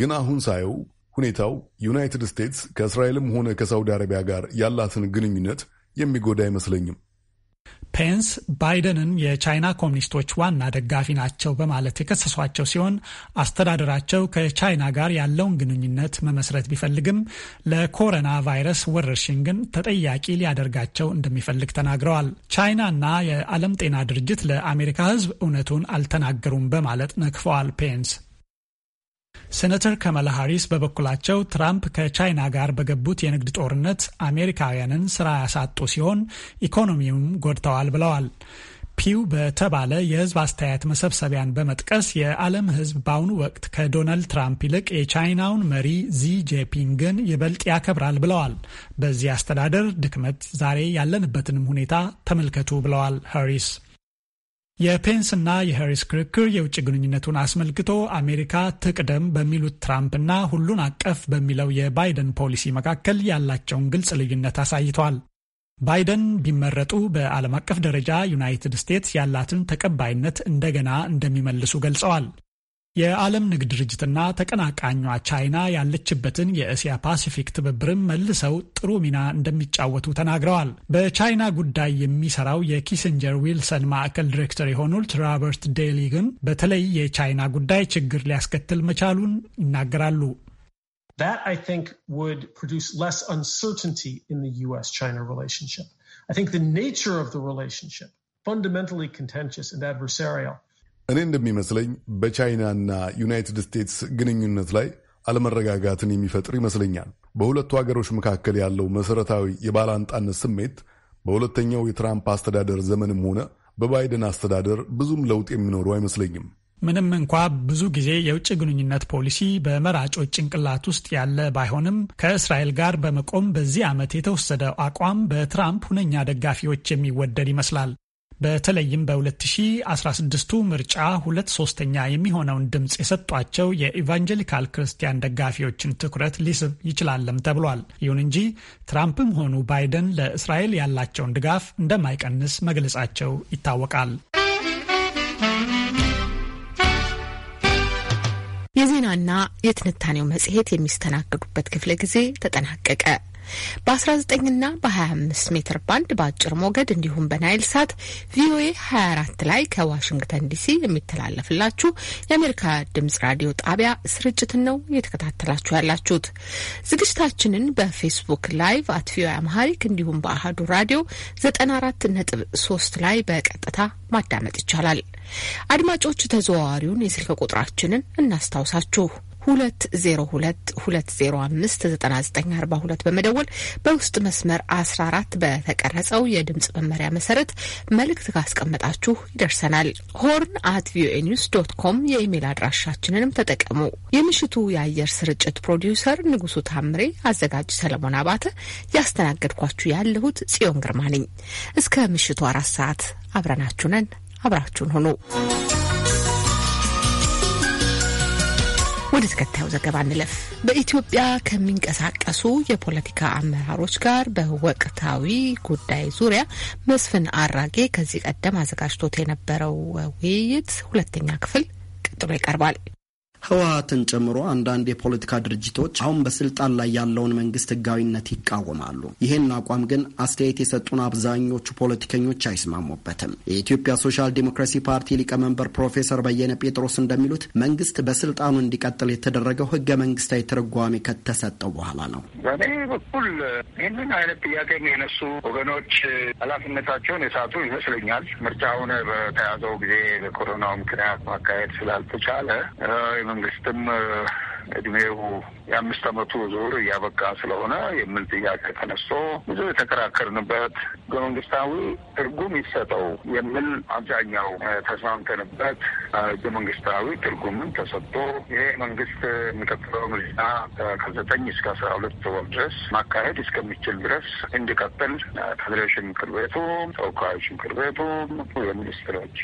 ግን አሁን ሳየው ሁኔታው ዩናይትድ ስቴትስ ከእስራኤልም ሆነ ከሳውዲ አረቢያ ጋር ያላትን ግንኙነት የሚጎዳ አይመስለኝም። ፔንስ ባይደንን የቻይና ኮሚኒስቶች ዋና ደጋፊ ናቸው በማለት የከሰሷቸው ሲሆን አስተዳደራቸው ከቻይና ጋር ያለውን ግንኙነት መመስረት ቢፈልግም ለኮሮና ቫይረስ ወረርሽኝ ግን ተጠያቂ ሊያደርጋቸው እንደሚፈልግ ተናግረዋል። ቻይናና የዓለም ጤና ድርጅት ለአሜሪካ ሕዝብ እውነቱን አልተናገሩም በማለት ነክፈዋል ፔንስ ሴነተር ከመላ ሃሪስ በበኩላቸው ትራምፕ ከቻይና ጋር በገቡት የንግድ ጦርነት አሜሪካውያንን ስራ ያሳጡ ሲሆን ኢኮኖሚውም ጎድተዋል ብለዋል። ፒው በተባለ የህዝብ አስተያየት መሰብሰቢያን በመጥቀስ የዓለም ህዝብ በአሁኑ ወቅት ከዶናልድ ትራምፕ ይልቅ የቻይናውን መሪ ዚ ጄፒንግን ይበልጥ ያከብራል ብለዋል። በዚህ አስተዳደር ድክመት ዛሬ ያለንበትንም ሁኔታ ተመልከቱ ብለዋል ሃሪስ። የፔንስና የሄሪስ ክርክር የውጭ ግንኙነቱን አስመልክቶ አሜሪካ ትቅደም በሚሉት ትራምፕና ሁሉን አቀፍ በሚለው የባይደን ፖሊሲ መካከል ያላቸውን ግልጽ ልዩነት አሳይቷል። ባይደን ቢመረጡ በዓለም አቀፍ ደረጃ ዩናይትድ ስቴትስ ያላትን ተቀባይነት እንደገና እንደሚመልሱ ገልጸዋል። የዓለም ንግድ ድርጅትና ተቀናቃኟ ቻይና ያለችበትን የእስያ ፓሲፊክ ትብብርም መልሰው ጥሩ ሚና እንደሚጫወቱ ተናግረዋል። በቻይና ጉዳይ የሚሰራው የኪሲንጀር ዊልሰን ማዕከል ዲሬክተር የሆኑት ሮበርት ዴሊ ግን በተለይ የቻይና ጉዳይ ችግር ሊያስከትል መቻሉን ይናገራሉ። That I think would produce less uncertainty in the US-China relationship. I think the nature of the relationship, fundamentally contentious and adversarial, እኔ እንደሚመስለኝ በቻይናና ዩናይትድ ስቴትስ ግንኙነት ላይ አለመረጋጋትን የሚፈጥር ይመስለኛል። በሁለቱ ሀገሮች መካከል ያለው መሠረታዊ የባላንጣነት ስሜት በሁለተኛው የትራምፕ አስተዳደር ዘመንም ሆነ በባይደን አስተዳደር ብዙም ለውጥ የሚኖሩ አይመስለኝም። ምንም እንኳ ብዙ ጊዜ የውጭ ግንኙነት ፖሊሲ በመራጮች ጭንቅላት ውስጥ ያለ ባይሆንም ከእስራኤል ጋር በመቆም በዚህ ዓመት የተወሰደው አቋም በትራምፕ ሁነኛ ደጋፊዎች የሚወደድ ይመስላል። በተለይም በ2016ቱ ምርጫ ሁለት ሶስተኛ የሚሆነውን ድምፅ የሰጧቸው የኢቫንጀሊካል ክርስቲያን ደጋፊዎችን ትኩረት ሊስብ ይችላለም ተብሏል። ይሁን እንጂ ትራምፕም ሆኑ ባይደን ለእስራኤል ያላቸውን ድጋፍ እንደማይቀንስ መግለጻቸው ይታወቃል። የዜናና የትንታኔው መጽሔት የሚስተናገዱበት ክፍለ ጊዜ ተጠናቀቀ። በ19 ና በ25 ሜትር ባንድ በአጭር ሞገድ እንዲሁም በናይል ሳት ቪኦኤ 24 ላይ ከዋሽንግተን ዲሲ የሚተላለፍላችሁ የአሜሪካ ድምጽ ራዲዮ ጣቢያ ስርጭትን ነው እየተከታተላችሁ ያላችሁት። ዝግጅታችንን በፌስቡክ ላይቭ አት ቪኦኤ አምሃሪክ እንዲሁም በአህዱ ራዲዮ 94.3 ላይ በቀጥታ ማዳመጥ ይቻላል። አድማጮች ተዘዋዋሪውን የስልክ ቁጥራችንን እናስታውሳችሁ 2022059942 በመደወል በውስጥ መስመር 14 በተቀረጸው የድምጽ መመሪያ መሰረት መልእክት ካስቀመጣችሁ ይደርሰናል። ሆርን አት ቪኦኤ ኒውስ ዶት ኮም የኢሜል አድራሻችንንም ተጠቀሙ። የምሽቱ የአየር ስርጭት ፕሮዲውሰር ንጉሱ ታምሬ፣ አዘጋጅ ሰለሞን አባተ፣ ያስተናገድኳችሁ ያለሁት ጽዮን ግርማ ነኝ። እስከ ምሽቱ አራት ሰዓት አብረናችሁ ነን። አብራችሁን ሁኑ። ወደ ተከታዩ ዘገባ እንለፍ። በኢትዮጵያ ከሚንቀሳቀሱ የፖለቲካ አመራሮች ጋር በወቅታዊ ጉዳይ ዙሪያ መስፍን አራጌ ከዚህ ቀደም አዘጋጅቶት የነበረው ውይይት ሁለተኛ ክፍል ቀጥሎ ይቀርባል። ህወሀትን ጨምሮ አንዳንድ የፖለቲካ ድርጅቶች አሁን በስልጣን ላይ ያለውን መንግስት ህጋዊነት ይቃወማሉ። ይህን አቋም ግን አስተያየት የሰጡን አብዛኞቹ ፖለቲከኞች አይስማሙበትም። የኢትዮጵያ ሶሻል ዲሞክራሲ ፓርቲ ሊቀመንበር ፕሮፌሰር በየነ ጴጥሮስ እንደሚሉት መንግስት በስልጣኑ እንዲቀጥል የተደረገው ህገ መንግስታዊ ትርጓሜ ከተሰጠው በኋላ ነው። በእኔ በኩል ይህንን አይነት ጥያቄ የነሱ ወገኖች ኃላፊነታቸውን የሳቱ ይመስለኛል። ምርጫውን በተያዘው ጊዜ በኮሮናው ምክንያት ማካሄድ ስላልተቻለ መንግስትም እድሜው የአምስት አመቱ ዙር እያበቃ ስለሆነ የሚል ጥያቄ ተነስቶ ብዙ የተከራከርንበት መንግስታዊ ትርጉም ይሰጠው የሚል አብዛኛው ተስማምተንበት ህገ መንግስታዊ ትርጉምን ተሰጥቶ ይሄ መንግስት የሚቀጥለው ምርጫ ከዘጠኝ እስከ አስራ ሁለት ወር ድረስ ማካሄድ እስከሚችል ድረስ እንዲቀጥል ፌዴሬሽን ምክር ቤቱ፣ ተወካዮች ምክር ቤቱ፣ የሚኒስትሮች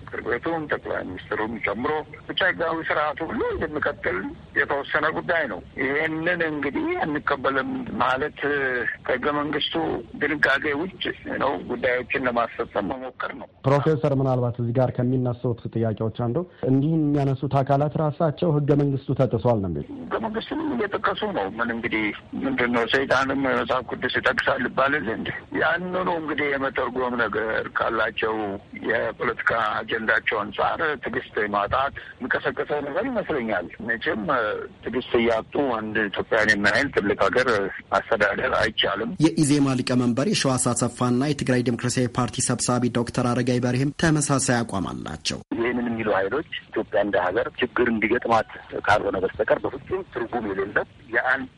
ምክር ቤቱም ጠቅላይ ሚኒስትሩም ጨምሮ ብቻ ህጋዊ ስርአቱ ሁሉ እንደሚቀጥል የተወሰነ ጉዳይ ነው። ይህንን እንግዲህ አንቀበልም ማለት ከህገ መንግስቱ ድንጋጌ ውጭ ነው ጉዳዮችን ለማስፈጸም መሞከር ነው። ፕሮፌሰር፣ ምናልባት እዚህ ጋር ከሚነሱት ጥያቄዎች አንዱ እንዲህ የሚያነሱት አካላት ራሳቸው ህገ መንግስቱ ተጥሷል ነው የሚሉ ህገ መንግስቱንም እየጠቀሱ ነው። ምን እንግዲህ ምንድን ነው ሰይጣንም መጽሐፍ ቅዱስ ይጠቅሳል ይባላል እንደ ያንኑ እንግዲህ የመተርጎም ነገር ካላቸው የፖለቲካ አጀንዳቸው አንጻር ትግስት ማጣት የሚቀሰቀሰው ነገር ይመስለኛል። መቼም ትግስት እያጡ በወቅቱ አንድ ኢትዮጵያን የሚያህል ትልቅ ሀገር አስተዳደር አይቻልም። የኢዜማ ሊቀመንበር የሸዋስ አሰፋና የትግራይ ዴሞክራሲያዊ ፓርቲ ሰብሳቢ ዶክተር አረጋይ በርሄም ተመሳሳይ አቋም አላቸው። ይህንን የሚሉ ኃይሎች ኢትዮጵያ እንደ ሀገር ችግር እንዲገጥማት ካልሆነ በስተቀር በፍጹም ትርጉም የሌለው የአንድ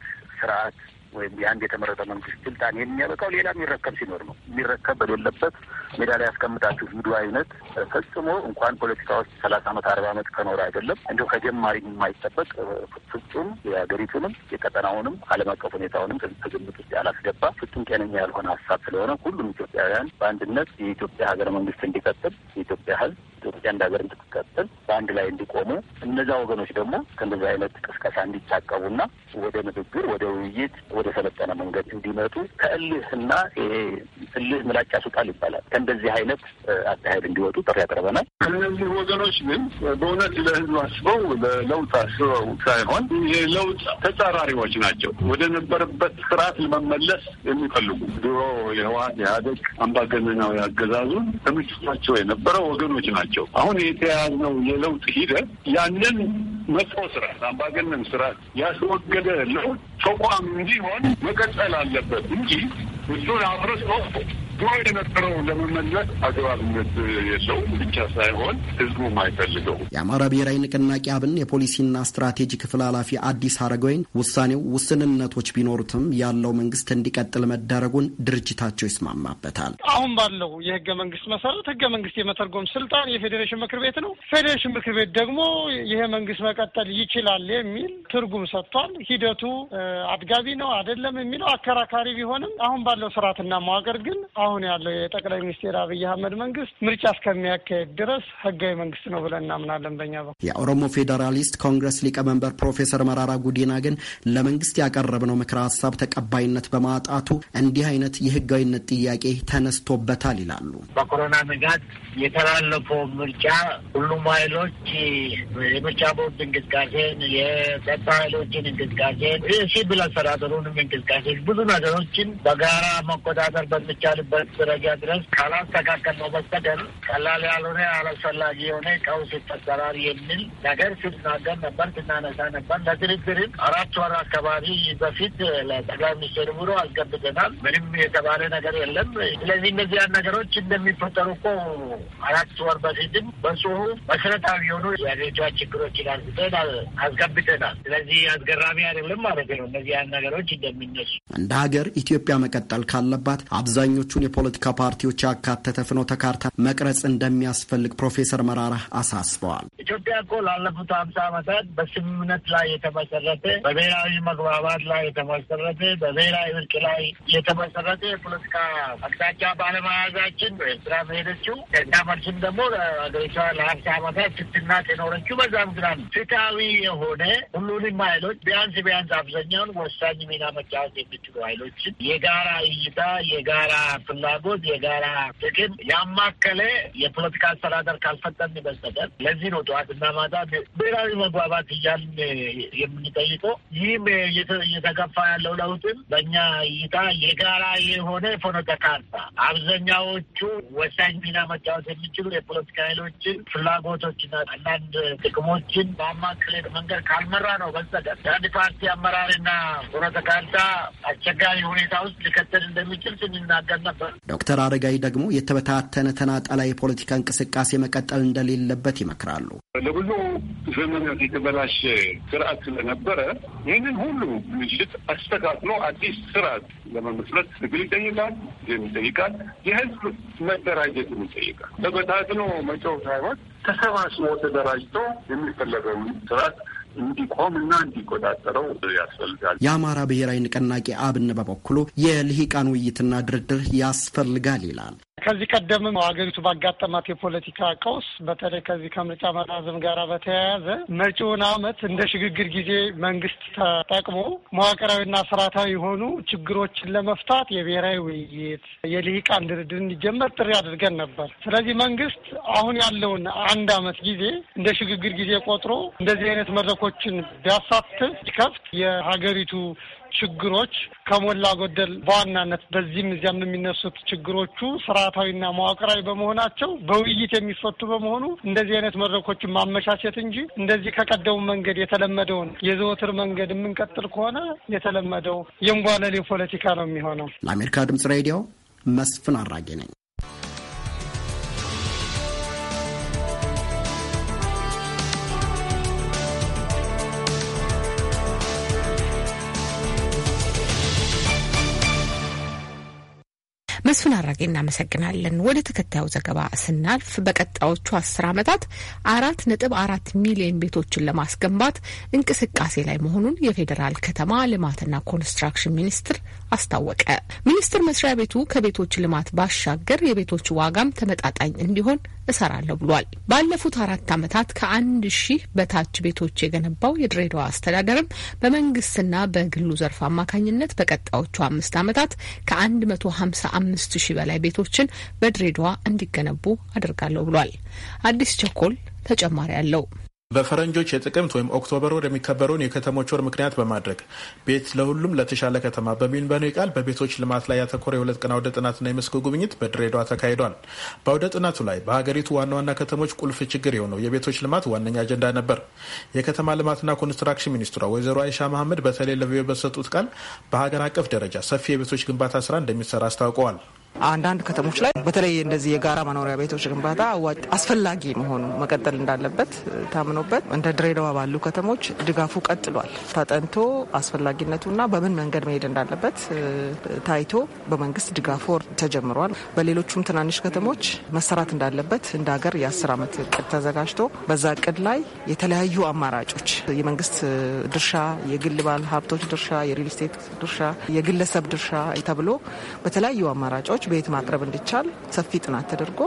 ስርዓት ወይም የአንድ የተመረጠ መንግስት ስልጣን የሚያበቃው ሌላ የሚረከብ ሲኖር ነው። የሚረከብ በሌለበት ሜዳ ላይ ያስቀምጣችሁ ሂዱ አይነት ፈጽሞ እንኳን ፖለቲካ ውስጥ ሰላሳ አመት አርባ አመት ከኖረ አይደለም እንዲሁ ከጀማሪ የማይጠበቅ ፍጹም የሀገሪቱንም የቀጠናውንም ዓለም አቀፍ ሁኔታውንም ከግምት ውስጥ ያላስገባ ፍጹም ጤነኛ ያልሆነ ሀሳብ ስለሆነ ሁሉም ኢትዮጵያውያን በአንድነት የኢትዮጵያ ሀገረ መንግስት እንዲቀጥል የኢትዮጵያ ህዝብ ኢትዮጵያ እንደ ሀገር እንድትቀጥል በአንድ ላይ እንዲቆሙ እነዛ ወገኖች ደግሞ ከእንደዚህ አይነት ቅስቀሳ እንዲታቀቡና ወደ ንግግር፣ ወደ ውይይት፣ ወደ ሰለጠነ መንገድ እንዲመጡ ከእልህና ይሄ እልህ ምላጭ ያስወጣል ይባላል ከእንደዚህ አይነት አካሄድ እንዲወጡ ጥሪ ያቀርበናል። ከእነዚህ ወገኖች ግን በእውነት ለህዝብ አስበው ለለውጥ አስበው ሳይሆን ይሄ ለውጥ ተጻራሪዎች ናቸው። ወደ ነበረበት ስርዓት ለመመለስ የሚፈልጉ ድሮ የህወሓት ኢህአዴግ አምባገነናዊ አገዛዙን ተምችቷቸው የነበረው ወገኖች ናቸው። ናቸው። አሁን የተያያዝነው የለውጥ ሂደት ያንን መጥፎ ስርዓት፣ አምባገነን ስርዓት ያስወገደ ለውጥ ተቋም እንዲሆን መቀጠል አለበት እንጂ እሱን አፍረስ ነው ድሮ የነበረው ለመመለስ አግባብነት የለውም ብቻ ሳይሆን ህዝቡ አይፈልገው። የአማራ ብሔራዊ ንቅናቄ አብን የፖሊሲና ስትራቴጂ ክፍል ኃላፊ አዲስ አረጋወይን ውሳኔው ውስንነቶች ቢኖሩትም ያለው መንግስት እንዲቀጥል መደረጉን ድርጅታቸው ይስማማበታል። አሁን ባለው የህገ መንግስት መሰረት ህገ መንግስት የመተርጎም ስልጣን የፌዴሬሽን ምክር ቤት ነው። ፌዴሬሽን ምክር ቤት ደግሞ ይሄ መንግስት መቀጠል ይችላል የሚል ትርጉም ሰጥቷል። ሂደቱ አድጋቢ ነው አይደለም የሚለው አከራካሪ ቢሆንም አሁን ባለው ስርዓትና መዋቅር ግን አሁን ያለው የጠቅላይ ሚኒስትር አብይ አህመድ መንግስት ምርጫ እስከሚያካሄድ ድረስ ህጋዊ መንግስት ነው ብለን እናምናለን። በኛ በኩል የኦሮሞ ፌዴራሊስት ኮንግረስ ሊቀመንበር ፕሮፌሰር መራራ ጉዲና ግን ለመንግስት ያቀረብነው ምክረ ሀሳብ ተቀባይነት በማጣቱ እንዲህ አይነት የህጋዊነት ጥያቄ ተነስቶበታል ይላሉ። በኮሮና ንጋት የተላለፈው ምርጫ ሁሉም ኃይሎች የምርጫ ቦርድ እንቅስቃሴን፣ የጸጥታ ኃይሎችን እንቅስቃሴን፣ ሲቪል አስተዳደሩንም እንቅስቃሴ ብዙ ነገሮችን በጋራ መቆጣጠር በሚቻልበት እስከሚደርስበት ደረጃ ድረስ ነው በስተቀር ቀላል ያልሆነ አላስፈላጊ የሆነ ቀውስ ይፈጠራል የሚል ነገር ስናገር ነበር፣ ስናነሳ ነበር። ለድርድርም አራት ወር አካባቢ በፊት ለጠቅላይ ሚኒስትር ቢሮ አስገብተናል። ምንም የተባለ ነገር የለም። ስለዚህ እነዚህ ነገሮች እንደሚፈጠሩ እኮ አራት ወር በፊትም በጽሁፍ መሰረታዊ የሆኑ የአገሪቷ ችግሮችን አንስተን አስገብተናል። ስለዚህ አስገራሚ አይደለም ማለት ነው እነዚህ ነገሮች እንደሚነሱ እንደ ሀገር ኢትዮጵያ መቀጠል ካለባት አብዛኞቹን የፖለቲካ ፓርቲዎች ያካተተ ፍኖተ ካርታ መቅረጽ እንደሚያስፈልግ ፕሮፌሰር መራራ አሳስበዋል። ኢትዮጵያ እኮ ላለፉት ሀምሳ ዓመታት በስምምነት ላይ የተመሰረተ በብሔራዊ መግባባት ላይ የተመሰረተ በብሔራዊ እርቅ ላይ የተመሰረተ የፖለቲካ አቅጣጫ ባለመያዛችን ኤርትራ መሄደችው እና መልስም ደግሞ ሀገሪቷ ለሀምሳ ዓመታት ስትናቅ የኖረችው በዛ ምክንያት ነው። ፍትሃዊ የሆነ ሁሉንም ኃይሎች ቢያንስ ቢያንስ አብዛኛውን ወሳኝ ሚና መጫወት የሚችሉ ኃይሎችን የጋራ እይታ የጋራ ፍላጎት፣ የጋራ ጥቅም ያማከለ የፖለቲካ አስተዳደር ካልፈጠን በስተቀር ለዚህ ነው ጠዋትና ማታ ብሔራዊ መግባባት እያልን የምንጠይቀው። ይህም እየተገፋ ያለው ለውጥም በእኛ እይታ የጋራ የሆነ ፍኖተ ካርታ አብዛኛዎቹ ወሳኝ ሚና መጫወት የሚችሉ የፖለቲካ ኃይሎችን ፍላጎቶችና አንዳንድ ጥቅሞችን በአማከለ መንገድ ካልመራ ነው በስተቀር የአንድ ፓርቲ አመራርና ፍኖተ ካርታ አስቸጋሪ ሁኔታ ውስጥ ሊከተል እንደሚችል ስንናገር ነበር። ዶክተር አረጋይ ደግሞ የተበታተነ ተናጠላ የፖለቲካ እንቅስቃሴ መቀጠል እንደሌለበት ይመክራሉ። ለብዙ ዘመናት የተበላሸ ስርዓት ስለነበረ ይህንን ሁሉ ምሽት አስተካክሎ አዲስ ስርዓት ለመመስረት ትግል ይጠይቃል፣ ይጠይቃል፣ የህዝብ መደራጀት ይጠይቃል። ተበታትኖ መጫወት ሳይሆን ተሰባስቦ ተደራጅቶ የሚፈለገውን ስርዓት እንዲቆም እና እንዲቆጣጠረው ያስፈልጋል። የአማራ ብሔራዊ ንቅናቄ አብን በበኩሉ የልሂቃን ውይይትና ድርድር ያስፈልጋል ይላል። ከዚህ ቀደምም ሀገሪቱ ባጋጠማት የፖለቲካ ቀውስ በተለይ ከዚህ ከምርጫ መራዘም ጋር በተያያዘ መጪውን ዓመት እንደ ሽግግር ጊዜ መንግስት ተጠቅሞ መዋቅራዊና ስርዓታዊ የሆኑ ችግሮችን ለመፍታት የብሔራዊ ውይይት፣ የልሂቃን ድርድር እንዲጀመር ጥሪ አድርገን ነበር። ስለዚህ መንግስት አሁን ያለውን አንድ አመት ጊዜ እንደ ሽግግር ጊዜ ቆጥሮ እንደዚህ አይነት መድረኮችን ቢያሳትፍ ከፍት የሀገሪቱ ችግሮች ከሞላ ጎደል በዋናነት በዚህም እዚያም የሚነሱት ችግሮቹ ስርዓታዊና መዋቅራዊ በመሆናቸው በውይይት የሚፈቱ በመሆኑ እንደዚህ አይነት መድረኮችን ማመቻቸት እንጂ እንደዚህ ከቀደሙ መንገድ የተለመደውን የዘወትር መንገድ የምንቀጥል ከሆነ የተለመደው የንጓለሌ ፖለቲካ ነው የሚሆነው። ለአሜሪካ ድምጽ ሬዲዮ መስፍን አራጌ ነኝ። መስፍን አራጌ እናመሰግናለን። ወደ ተከታዩ ዘገባ ስናልፍ በቀጣዮቹ አስር ዓመታት አራት ነጥብ አራት ሚሊዮን ቤቶችን ለማስገንባት እንቅስቃሴ ላይ መሆኑን የፌዴራል ከተማ ልማትና ኮንስትራክሽን ሚኒስቴር አስታወቀ። ሚኒስቴር መስሪያ ቤቱ ከቤቶች ልማት ባሻገር የቤቶች ዋጋም ተመጣጣኝ እንዲሆን እሰራለሁ ብሏል። ባለፉት አራት ዓመታት ከአንድ ሺህ በታች ቤቶች የገነባው የድሬዳዋ አስተዳደርም በመንግስትና በግሉ ዘርፍ አማካኝነት በቀጣዮቹ አምስት ዓመታት ከአንድ መቶ ሀምሳ አምስት ከአምስት ሺህ በላይ ቤቶችን በድሬዳዋ እንዲገነቡ አድርጋለሁ ብሏል። አዲስ ቸኮል ተጨማሪ አለው። በፈረንጆች የጥቅምት ወይም ኦክቶበር ወር የሚከበረውን የከተሞች ወር ምክንያት በማድረግ ቤት ለሁሉም ለተሻለ ከተማ በሚል መሪ ቃል በቤቶች ልማት ላይ ያተኮረ የሁለት ቀን አውደ ጥናትና የመስክ ጉብኝት በድሬዳዋ ተካሂዷል። በአውደ ጥናቱ ላይ በሀገሪቱ ዋና ዋና ከተሞች ቁልፍ ችግር የሆነው የቤቶች ልማት ዋነኛ አጀንዳ ነበር። የከተማ ልማትና ኮንስትራክሽን ሚኒስትሯ ወይዘሮ አይሻ መሐመድ በተለይ ለቪዮ በሰጡት ቃል በሀገር አቀፍ ደረጃ ሰፊ የቤቶች ግንባታ ስራ እንደሚሰራ አስታውቀዋል። አንዳንድ ከተሞች ላይ በተለይ እንደዚህ የጋራ መኖሪያ ቤቶች ግንባታ አስፈላጊ መሆኑ መቀጠል እንዳለበት ታምኖበት እንደ ድሬዳዋ ባሉ ከተሞች ድጋፉ ቀጥሏል። ተጠንቶ አስፈላጊነቱና በምን መንገድ መሄድ እንዳለበት ታይቶ በመንግስት ድጋፉ ተጀምሯል። በሌሎቹም ትናንሽ ከተሞች መሰራት እንዳለበት እንደ ሀገር የአስር ዓመት እቅድ ተዘጋጅቶ በዛ እቅድ ላይ የተለያዩ አማራጮች የመንግስት ድርሻ፣ የግል ባለ ሀብቶች ድርሻ፣ የሪል ስቴት ድርሻ፣ የግለሰብ ድርሻ ተብሎ በተለያዩ አማራጮች ቤት ማቅረብ እንዲቻል ሰፊ ጥናት ተደርጎ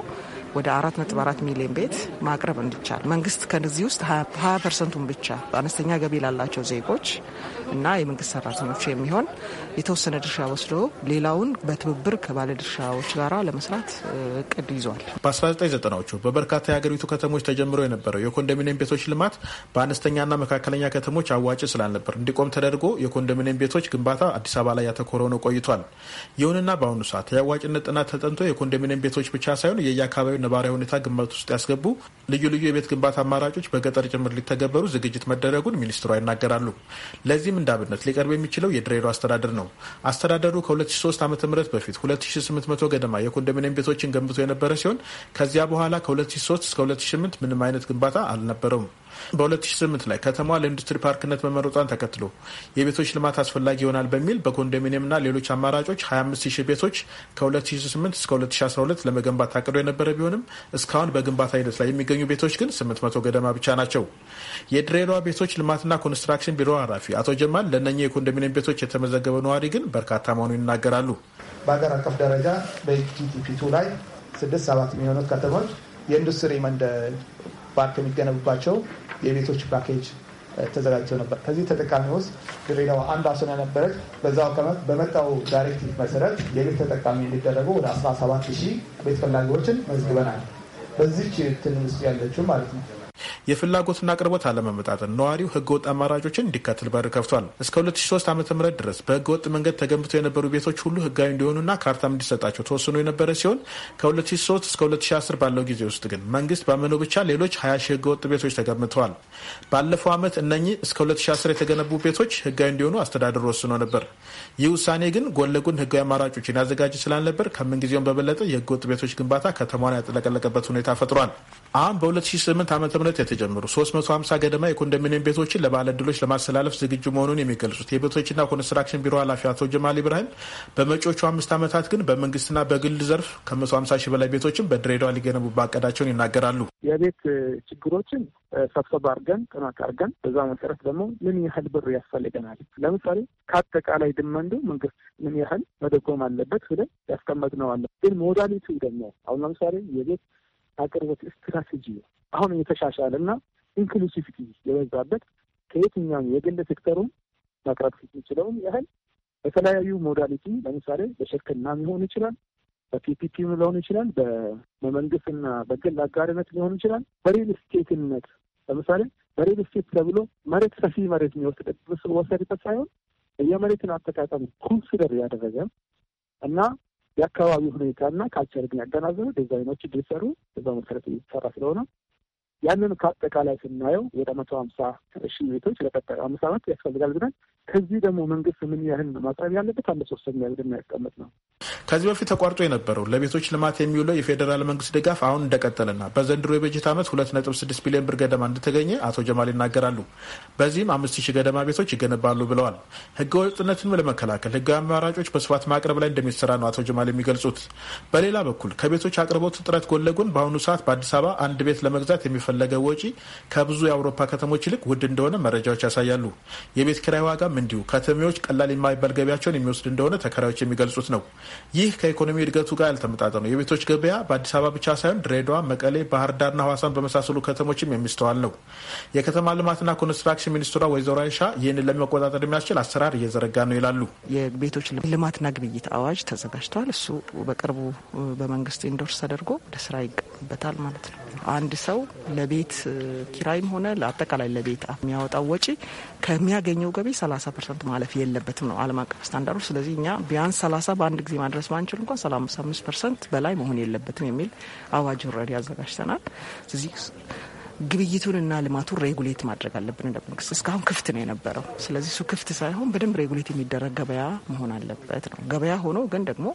ወደ 4.4 ሚሊዮን ቤት ማቅረብ እንዲቻል መንግስት ከዚህ ውስጥ 20 ፐርሰንቱን ብቻ አነስተኛ ገቢ ላላቸው ዜጎች እና የመንግስት ሰራተኞች የሚሆን የተወሰነ ድርሻ ወስዶ ሌላውን በትብብር ከባለ ድርሻዎች ጋር ለመስራት እቅድ ይዟል። በ1990ዎቹ በበርካታ የሀገሪቱ ከተሞች ተጀምሮ የነበረው የኮንዶሚኒየም ቤቶች ልማት በአነስተኛና መካከለኛ ከተሞች አዋጭ ስላልነበር እንዲቆም ተደርጎ የኮንዶሚኒየም ቤቶች ግንባታ አዲስ አበባ ላይ ያተኮረ ሆኖ ቆይቷል። ይሁንና በአሁኑ ሰዓት የአዋጭነት ጥናት ተጠንቶ የኮንዶሚኒየም ቤቶች ብቻ ሳይሆን የየአካባቢ ነባራዊ ሁኔታ ግምት ውስጥ ያስገቡ ልዩ ልዩ የቤት ግንባታ አማራጮች በገጠር ጭምር ሊተገበሩ ዝግጅት መደረጉን ሚኒስትሯ ይናገራሉ። ለዚህም እንዳብነት ሊቀርብ የሚችለው የድሬዳዋ አስተዳደር ነው። አስተዳደሩ ከ2003 ዓ ም በፊት 2800 ገደማ የኮንዶሚኒየም ቤቶችን ገንብቶ የነበረ ሲሆን ከዚያ በኋላ ከ2003 እስከ 2008 ምንም አይነት ግንባታ አልነበረውም። በ2008 ላይ ከተማዋ ለኢንዱስትሪ ፓርክነት መመረጧን ተከትሎ የቤቶች ልማት አስፈላጊ ይሆናል በሚል በኮንዶሚኒየምና ሌሎች አማራጮች 25000 ቤቶች ከ2008 እስከ 2012 ለመገንባት ታቅዶ የነበረ ቢሆንም እስካሁን በግንባታ ሂደት ላይ የሚገኙ ቤቶች ግን 800 ገደማ ብቻ ናቸው። የድሬዳዋ ቤቶች ልማትና ኮንስትራክሽን ቢሮ ኃላፊ አቶ ጀማል ለእነኛ የኮንዶሚኒየም ቤቶች የተመዘገበ ነዋሪ ግን በርካታ መሆኑ ይናገራሉ። በሀገር አቀፍ ደረጃ በጂቲፒቱ ላይ ስድስት ሰባት የሚሆኑት ከተሞች የኢንዱስትሪ መንደር ባንክ የሚገነቡባቸው የቤቶች ፓኬጅ ተዘጋጅተው ነበር። ከዚህ ተጠቃሚ ውስጥ ድሬዳዋ አንዷ ስለነበረች በዛው ከመት በመጣው ዳይሬክቲቭ መሰረት የቤት ተጠቃሚ እንዲደረጉ ወደ 17 ሺህ ቤት ፈላጊዎችን መዝግበናል። በዚች ትን ያለችው ማለት ነው። የፍላጎትና አቅርቦት አለመመጣጠን ነዋሪው ህገወጥ አማራጮችን እንዲከትል በር ከፍቷል። እስከ 2003 ዓ ም ድረስ በህገወጥ መንገድ ተገንብተው የነበሩ ቤቶች ሁሉ ህጋዊ እንዲሆኑና ካርታም እንዲሰጣቸው ተወስኖ የነበረ ሲሆን ከ2003 እስከ 2010 ባለው ጊዜ ውስጥ ግን መንግስት በመኖ ብቻ ሌሎች 20 ሺህ ህገወጥ ቤቶች ተገንብተዋል። ባለፈው ዓመት እነኚህ እስከ 2010 የተገነቡ ቤቶች ህጋዊ እንዲሆኑ አስተዳደሩ ወስኖ ነበር። ይህ ውሳኔ ግን ጎን ለጎን ህጋዊ አማራጮችን ያዘጋጅ ስላልነበር ከምን በበለጠ የህገወጥ ቤቶች ግንባታ ከተማዋን ያጥለቀለቀበት ሁኔታ ፈጥሯል። አሁን በ2008 ዓ ም 2022 የተጀመሩ 350 ገደማ የኮንዶሚኒየም ቤቶችን ለባለዕድሎች ለማስተላለፍ ዝግጁ መሆኑን የሚገልጹት የቤቶችና ኮንስትራክሽን ቢሮ ኃላፊ አቶ ጀማል ኢብራሂም በመጪዎቹ አምስት ዓመታት ግን በመንግስትና በግል ዘርፍ ከ150 ሺህ በላይ ቤቶችን በድሬዳዋ ሊገነቡ ባቀዳቸውን ይናገራሉ። የቤት ችግሮችን ሰብሰብ አድርገን ጥናት አድርገን በዛ መሰረት ደግሞ ምን ያህል ብር ያስፈልገናል፣ ለምሳሌ ከአጠቃላይ ድመንዱ መንግስት ምን ያህል መደጎም አለበት ብለን አለ። ግን ሞዳሊቲ ደግሞ አሁን ለምሳሌ የቤት አቅርቦት ስትራቴጂ አሁን የተሻሻለ እና ኢንክሉሲቪቲ የበዛበት ከየትኛውም የግል ሴክተሩም ማቅረብ የሚችለውን ያህል በተለያዩ ሞዳሊቲ ለምሳሌ በሽርክና ሊሆን ይችላል፣ በፒፒፒ ሊሆን ይችላል፣ በመንግስትና በግል አጋርነት ሊሆን ይችላል። በሪል ስቴትነት ለምሳሌ በሪል ስቴት ተብሎ መሬት ሰፊ መሬት የሚወሰድበት ሳይሆን የመሬትን አጠቃቀም ኮንሲደር ያደረገ እና የአካባቢ ሁኔታና ካልቸር ያገናዘበ ዲዛይኖች እንዲሰሩ እዛ መሰረት እየተሰራ ስለሆነ ያንን ከአጠቃላይ ስናየው ወደ መቶ ሀምሳ ሺህ ቤቶች ለቀጣዩ አምስት ዓመት ያስፈልጋል ብለን ከዚህ ደግሞ መንግስት ምን ያህል ነው ማቅረብ ያለበት? አንድ ሶስተኛ እንደሚያስቀምጥ ነው። ከዚህ በፊት ተቋርጦ የነበረው ለቤቶች ልማት የሚውለው የፌዴራል መንግስት ድጋፍ አሁን እንደቀጠለና በዘንድሮ የበጀት ዓመት ሁለት ነጥብ ስድስት ቢሊዮን ብር ገደማ እንደተገኘ አቶ ጀማል ይናገራሉ። በዚህም አምስት ሺህ ገደማ ቤቶች ይገነባሉ ብለዋል። ህገ ወጥነትንም ለመከላከል ህጋዊ አማራጮች በስፋት ማቅረብ ላይ እንደሚሰራ ነው አቶ ጀማል የሚገልጹት። በሌላ በኩል ከቤቶች አቅርቦት ጥረት ጎን ለጎን በአሁኑ ሰዓት በአዲስ አበባ አንድ ቤት ለመግዛት የሚፈለገው ወጪ ከብዙ የአውሮፓ ከተሞች ይልቅ ውድ እንደሆነ መረጃዎች ያሳያሉ። የቤት ኪራይ ዋጋ እንዲሁ ከተሜዎች ቀላል የማይባል ገቢያቸውን የሚወስድ እንደሆነ ተከራዮች የሚገልጹት ነው። ይህ ከኢኮኖሚ እድገቱ ጋር ያልተመጣጠ ነው። የቤቶች ገበያ በአዲስ አበባ ብቻ ሳይሆን ድሬዳዋ፣ መቀሌ፣ ባህር ዳርና ሐዋሳን በመሳሰሉ ከተሞችም የሚስተዋል ነው። የከተማ ልማትና ኮንስትራክሽን ሚኒስትሯ ወይዘሮ አይሻ ይህንን ለመቆጣጠር የሚያስችል አሰራር እየዘረጋ ነው ይላሉ። የቤቶች ልማትና ግብይት አዋጅ ተዘጋጅተዋል። እሱ በቅርቡ በመንግስት ኢንዶርስ ተደርጎ ወደ ስራ ይገባል። ይጠበቅበታል ማለት ነው። አንድ ሰው ለቤት ኪራይም ሆነ ለአጠቃላይ ለቤት የሚያወጣው ወጪ ከሚያገኘው ገቢ 30 ፐርሰንት ማለፍ የለበትም ነው ዓለም አቀፍ ስታንዳርዶች። ስለዚህ እኛ ቢያንስ 30 በአንድ ጊዜ ማድረስ ባንችል እንኳን 35 ፐርሰንት በላይ መሆን የለበትም የሚል አዋጅ ረድ ያዘጋጅተናል። ስለዚህ ግብይቱንና ልማቱን ሬጉሌት ማድረግ አለብን እንደ መንግስት። እስካሁን ክፍት ነው የነበረው። ስለዚህ እሱ ክፍት ሳይሆን በደንብ ሬጉሌት የሚደረግ ገበያ መሆን አለበት ነው። ገበያ ሆኖ ግን ደግሞ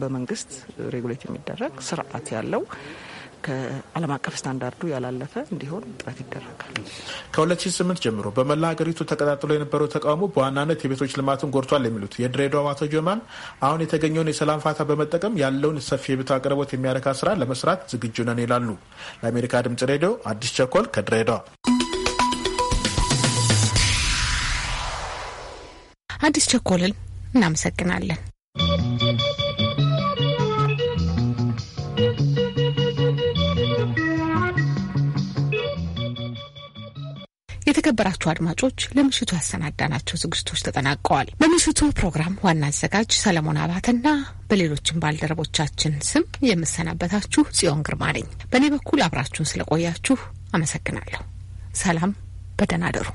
በመንግስት ሬጉሌት የሚደረግ ስርዓት ያለው ከዓለም አቀፍ ስታንዳርዱ ያላለፈ እንዲሆን ጥረት ይደረጋል። ከ2008 ጀምሮ በመላ ሀገሪቱ ተቀጣጥሎ የነበረው ተቃውሞ በዋናነት የቤቶች ልማትን ጎድቷል የሚሉት የድሬዳዋ አቶ ጆማን አሁን የተገኘውን የሰላም ፋታ በመጠቀም ያለውን ሰፊ የቤት አቅርቦት የሚያረካ ስራ ለመስራት ዝግጁ ነን ይላሉ። ለአሜሪካ ድምጽ ሬዲዮ አዲስ ቸኮል ከድሬዳዋ። አዲስ ቸኮልን እናመሰግናለን። የተከበራችሁ አድማጮች ለምሽቱ ያሰናዳናቸው ዝግጅቶች ተጠናቀዋል። በምሽቱ ፕሮግራም ዋና አዘጋጅ ሰለሞን አባተና በሌሎችም ባልደረቦቻችን ስም የምሰናበታችሁ ጽዮን ግርማ ነኝ። በእኔ በኩል አብራችሁን ስለቆያችሁ አመሰግናለሁ። ሰላም፣ በደህና አደሩ።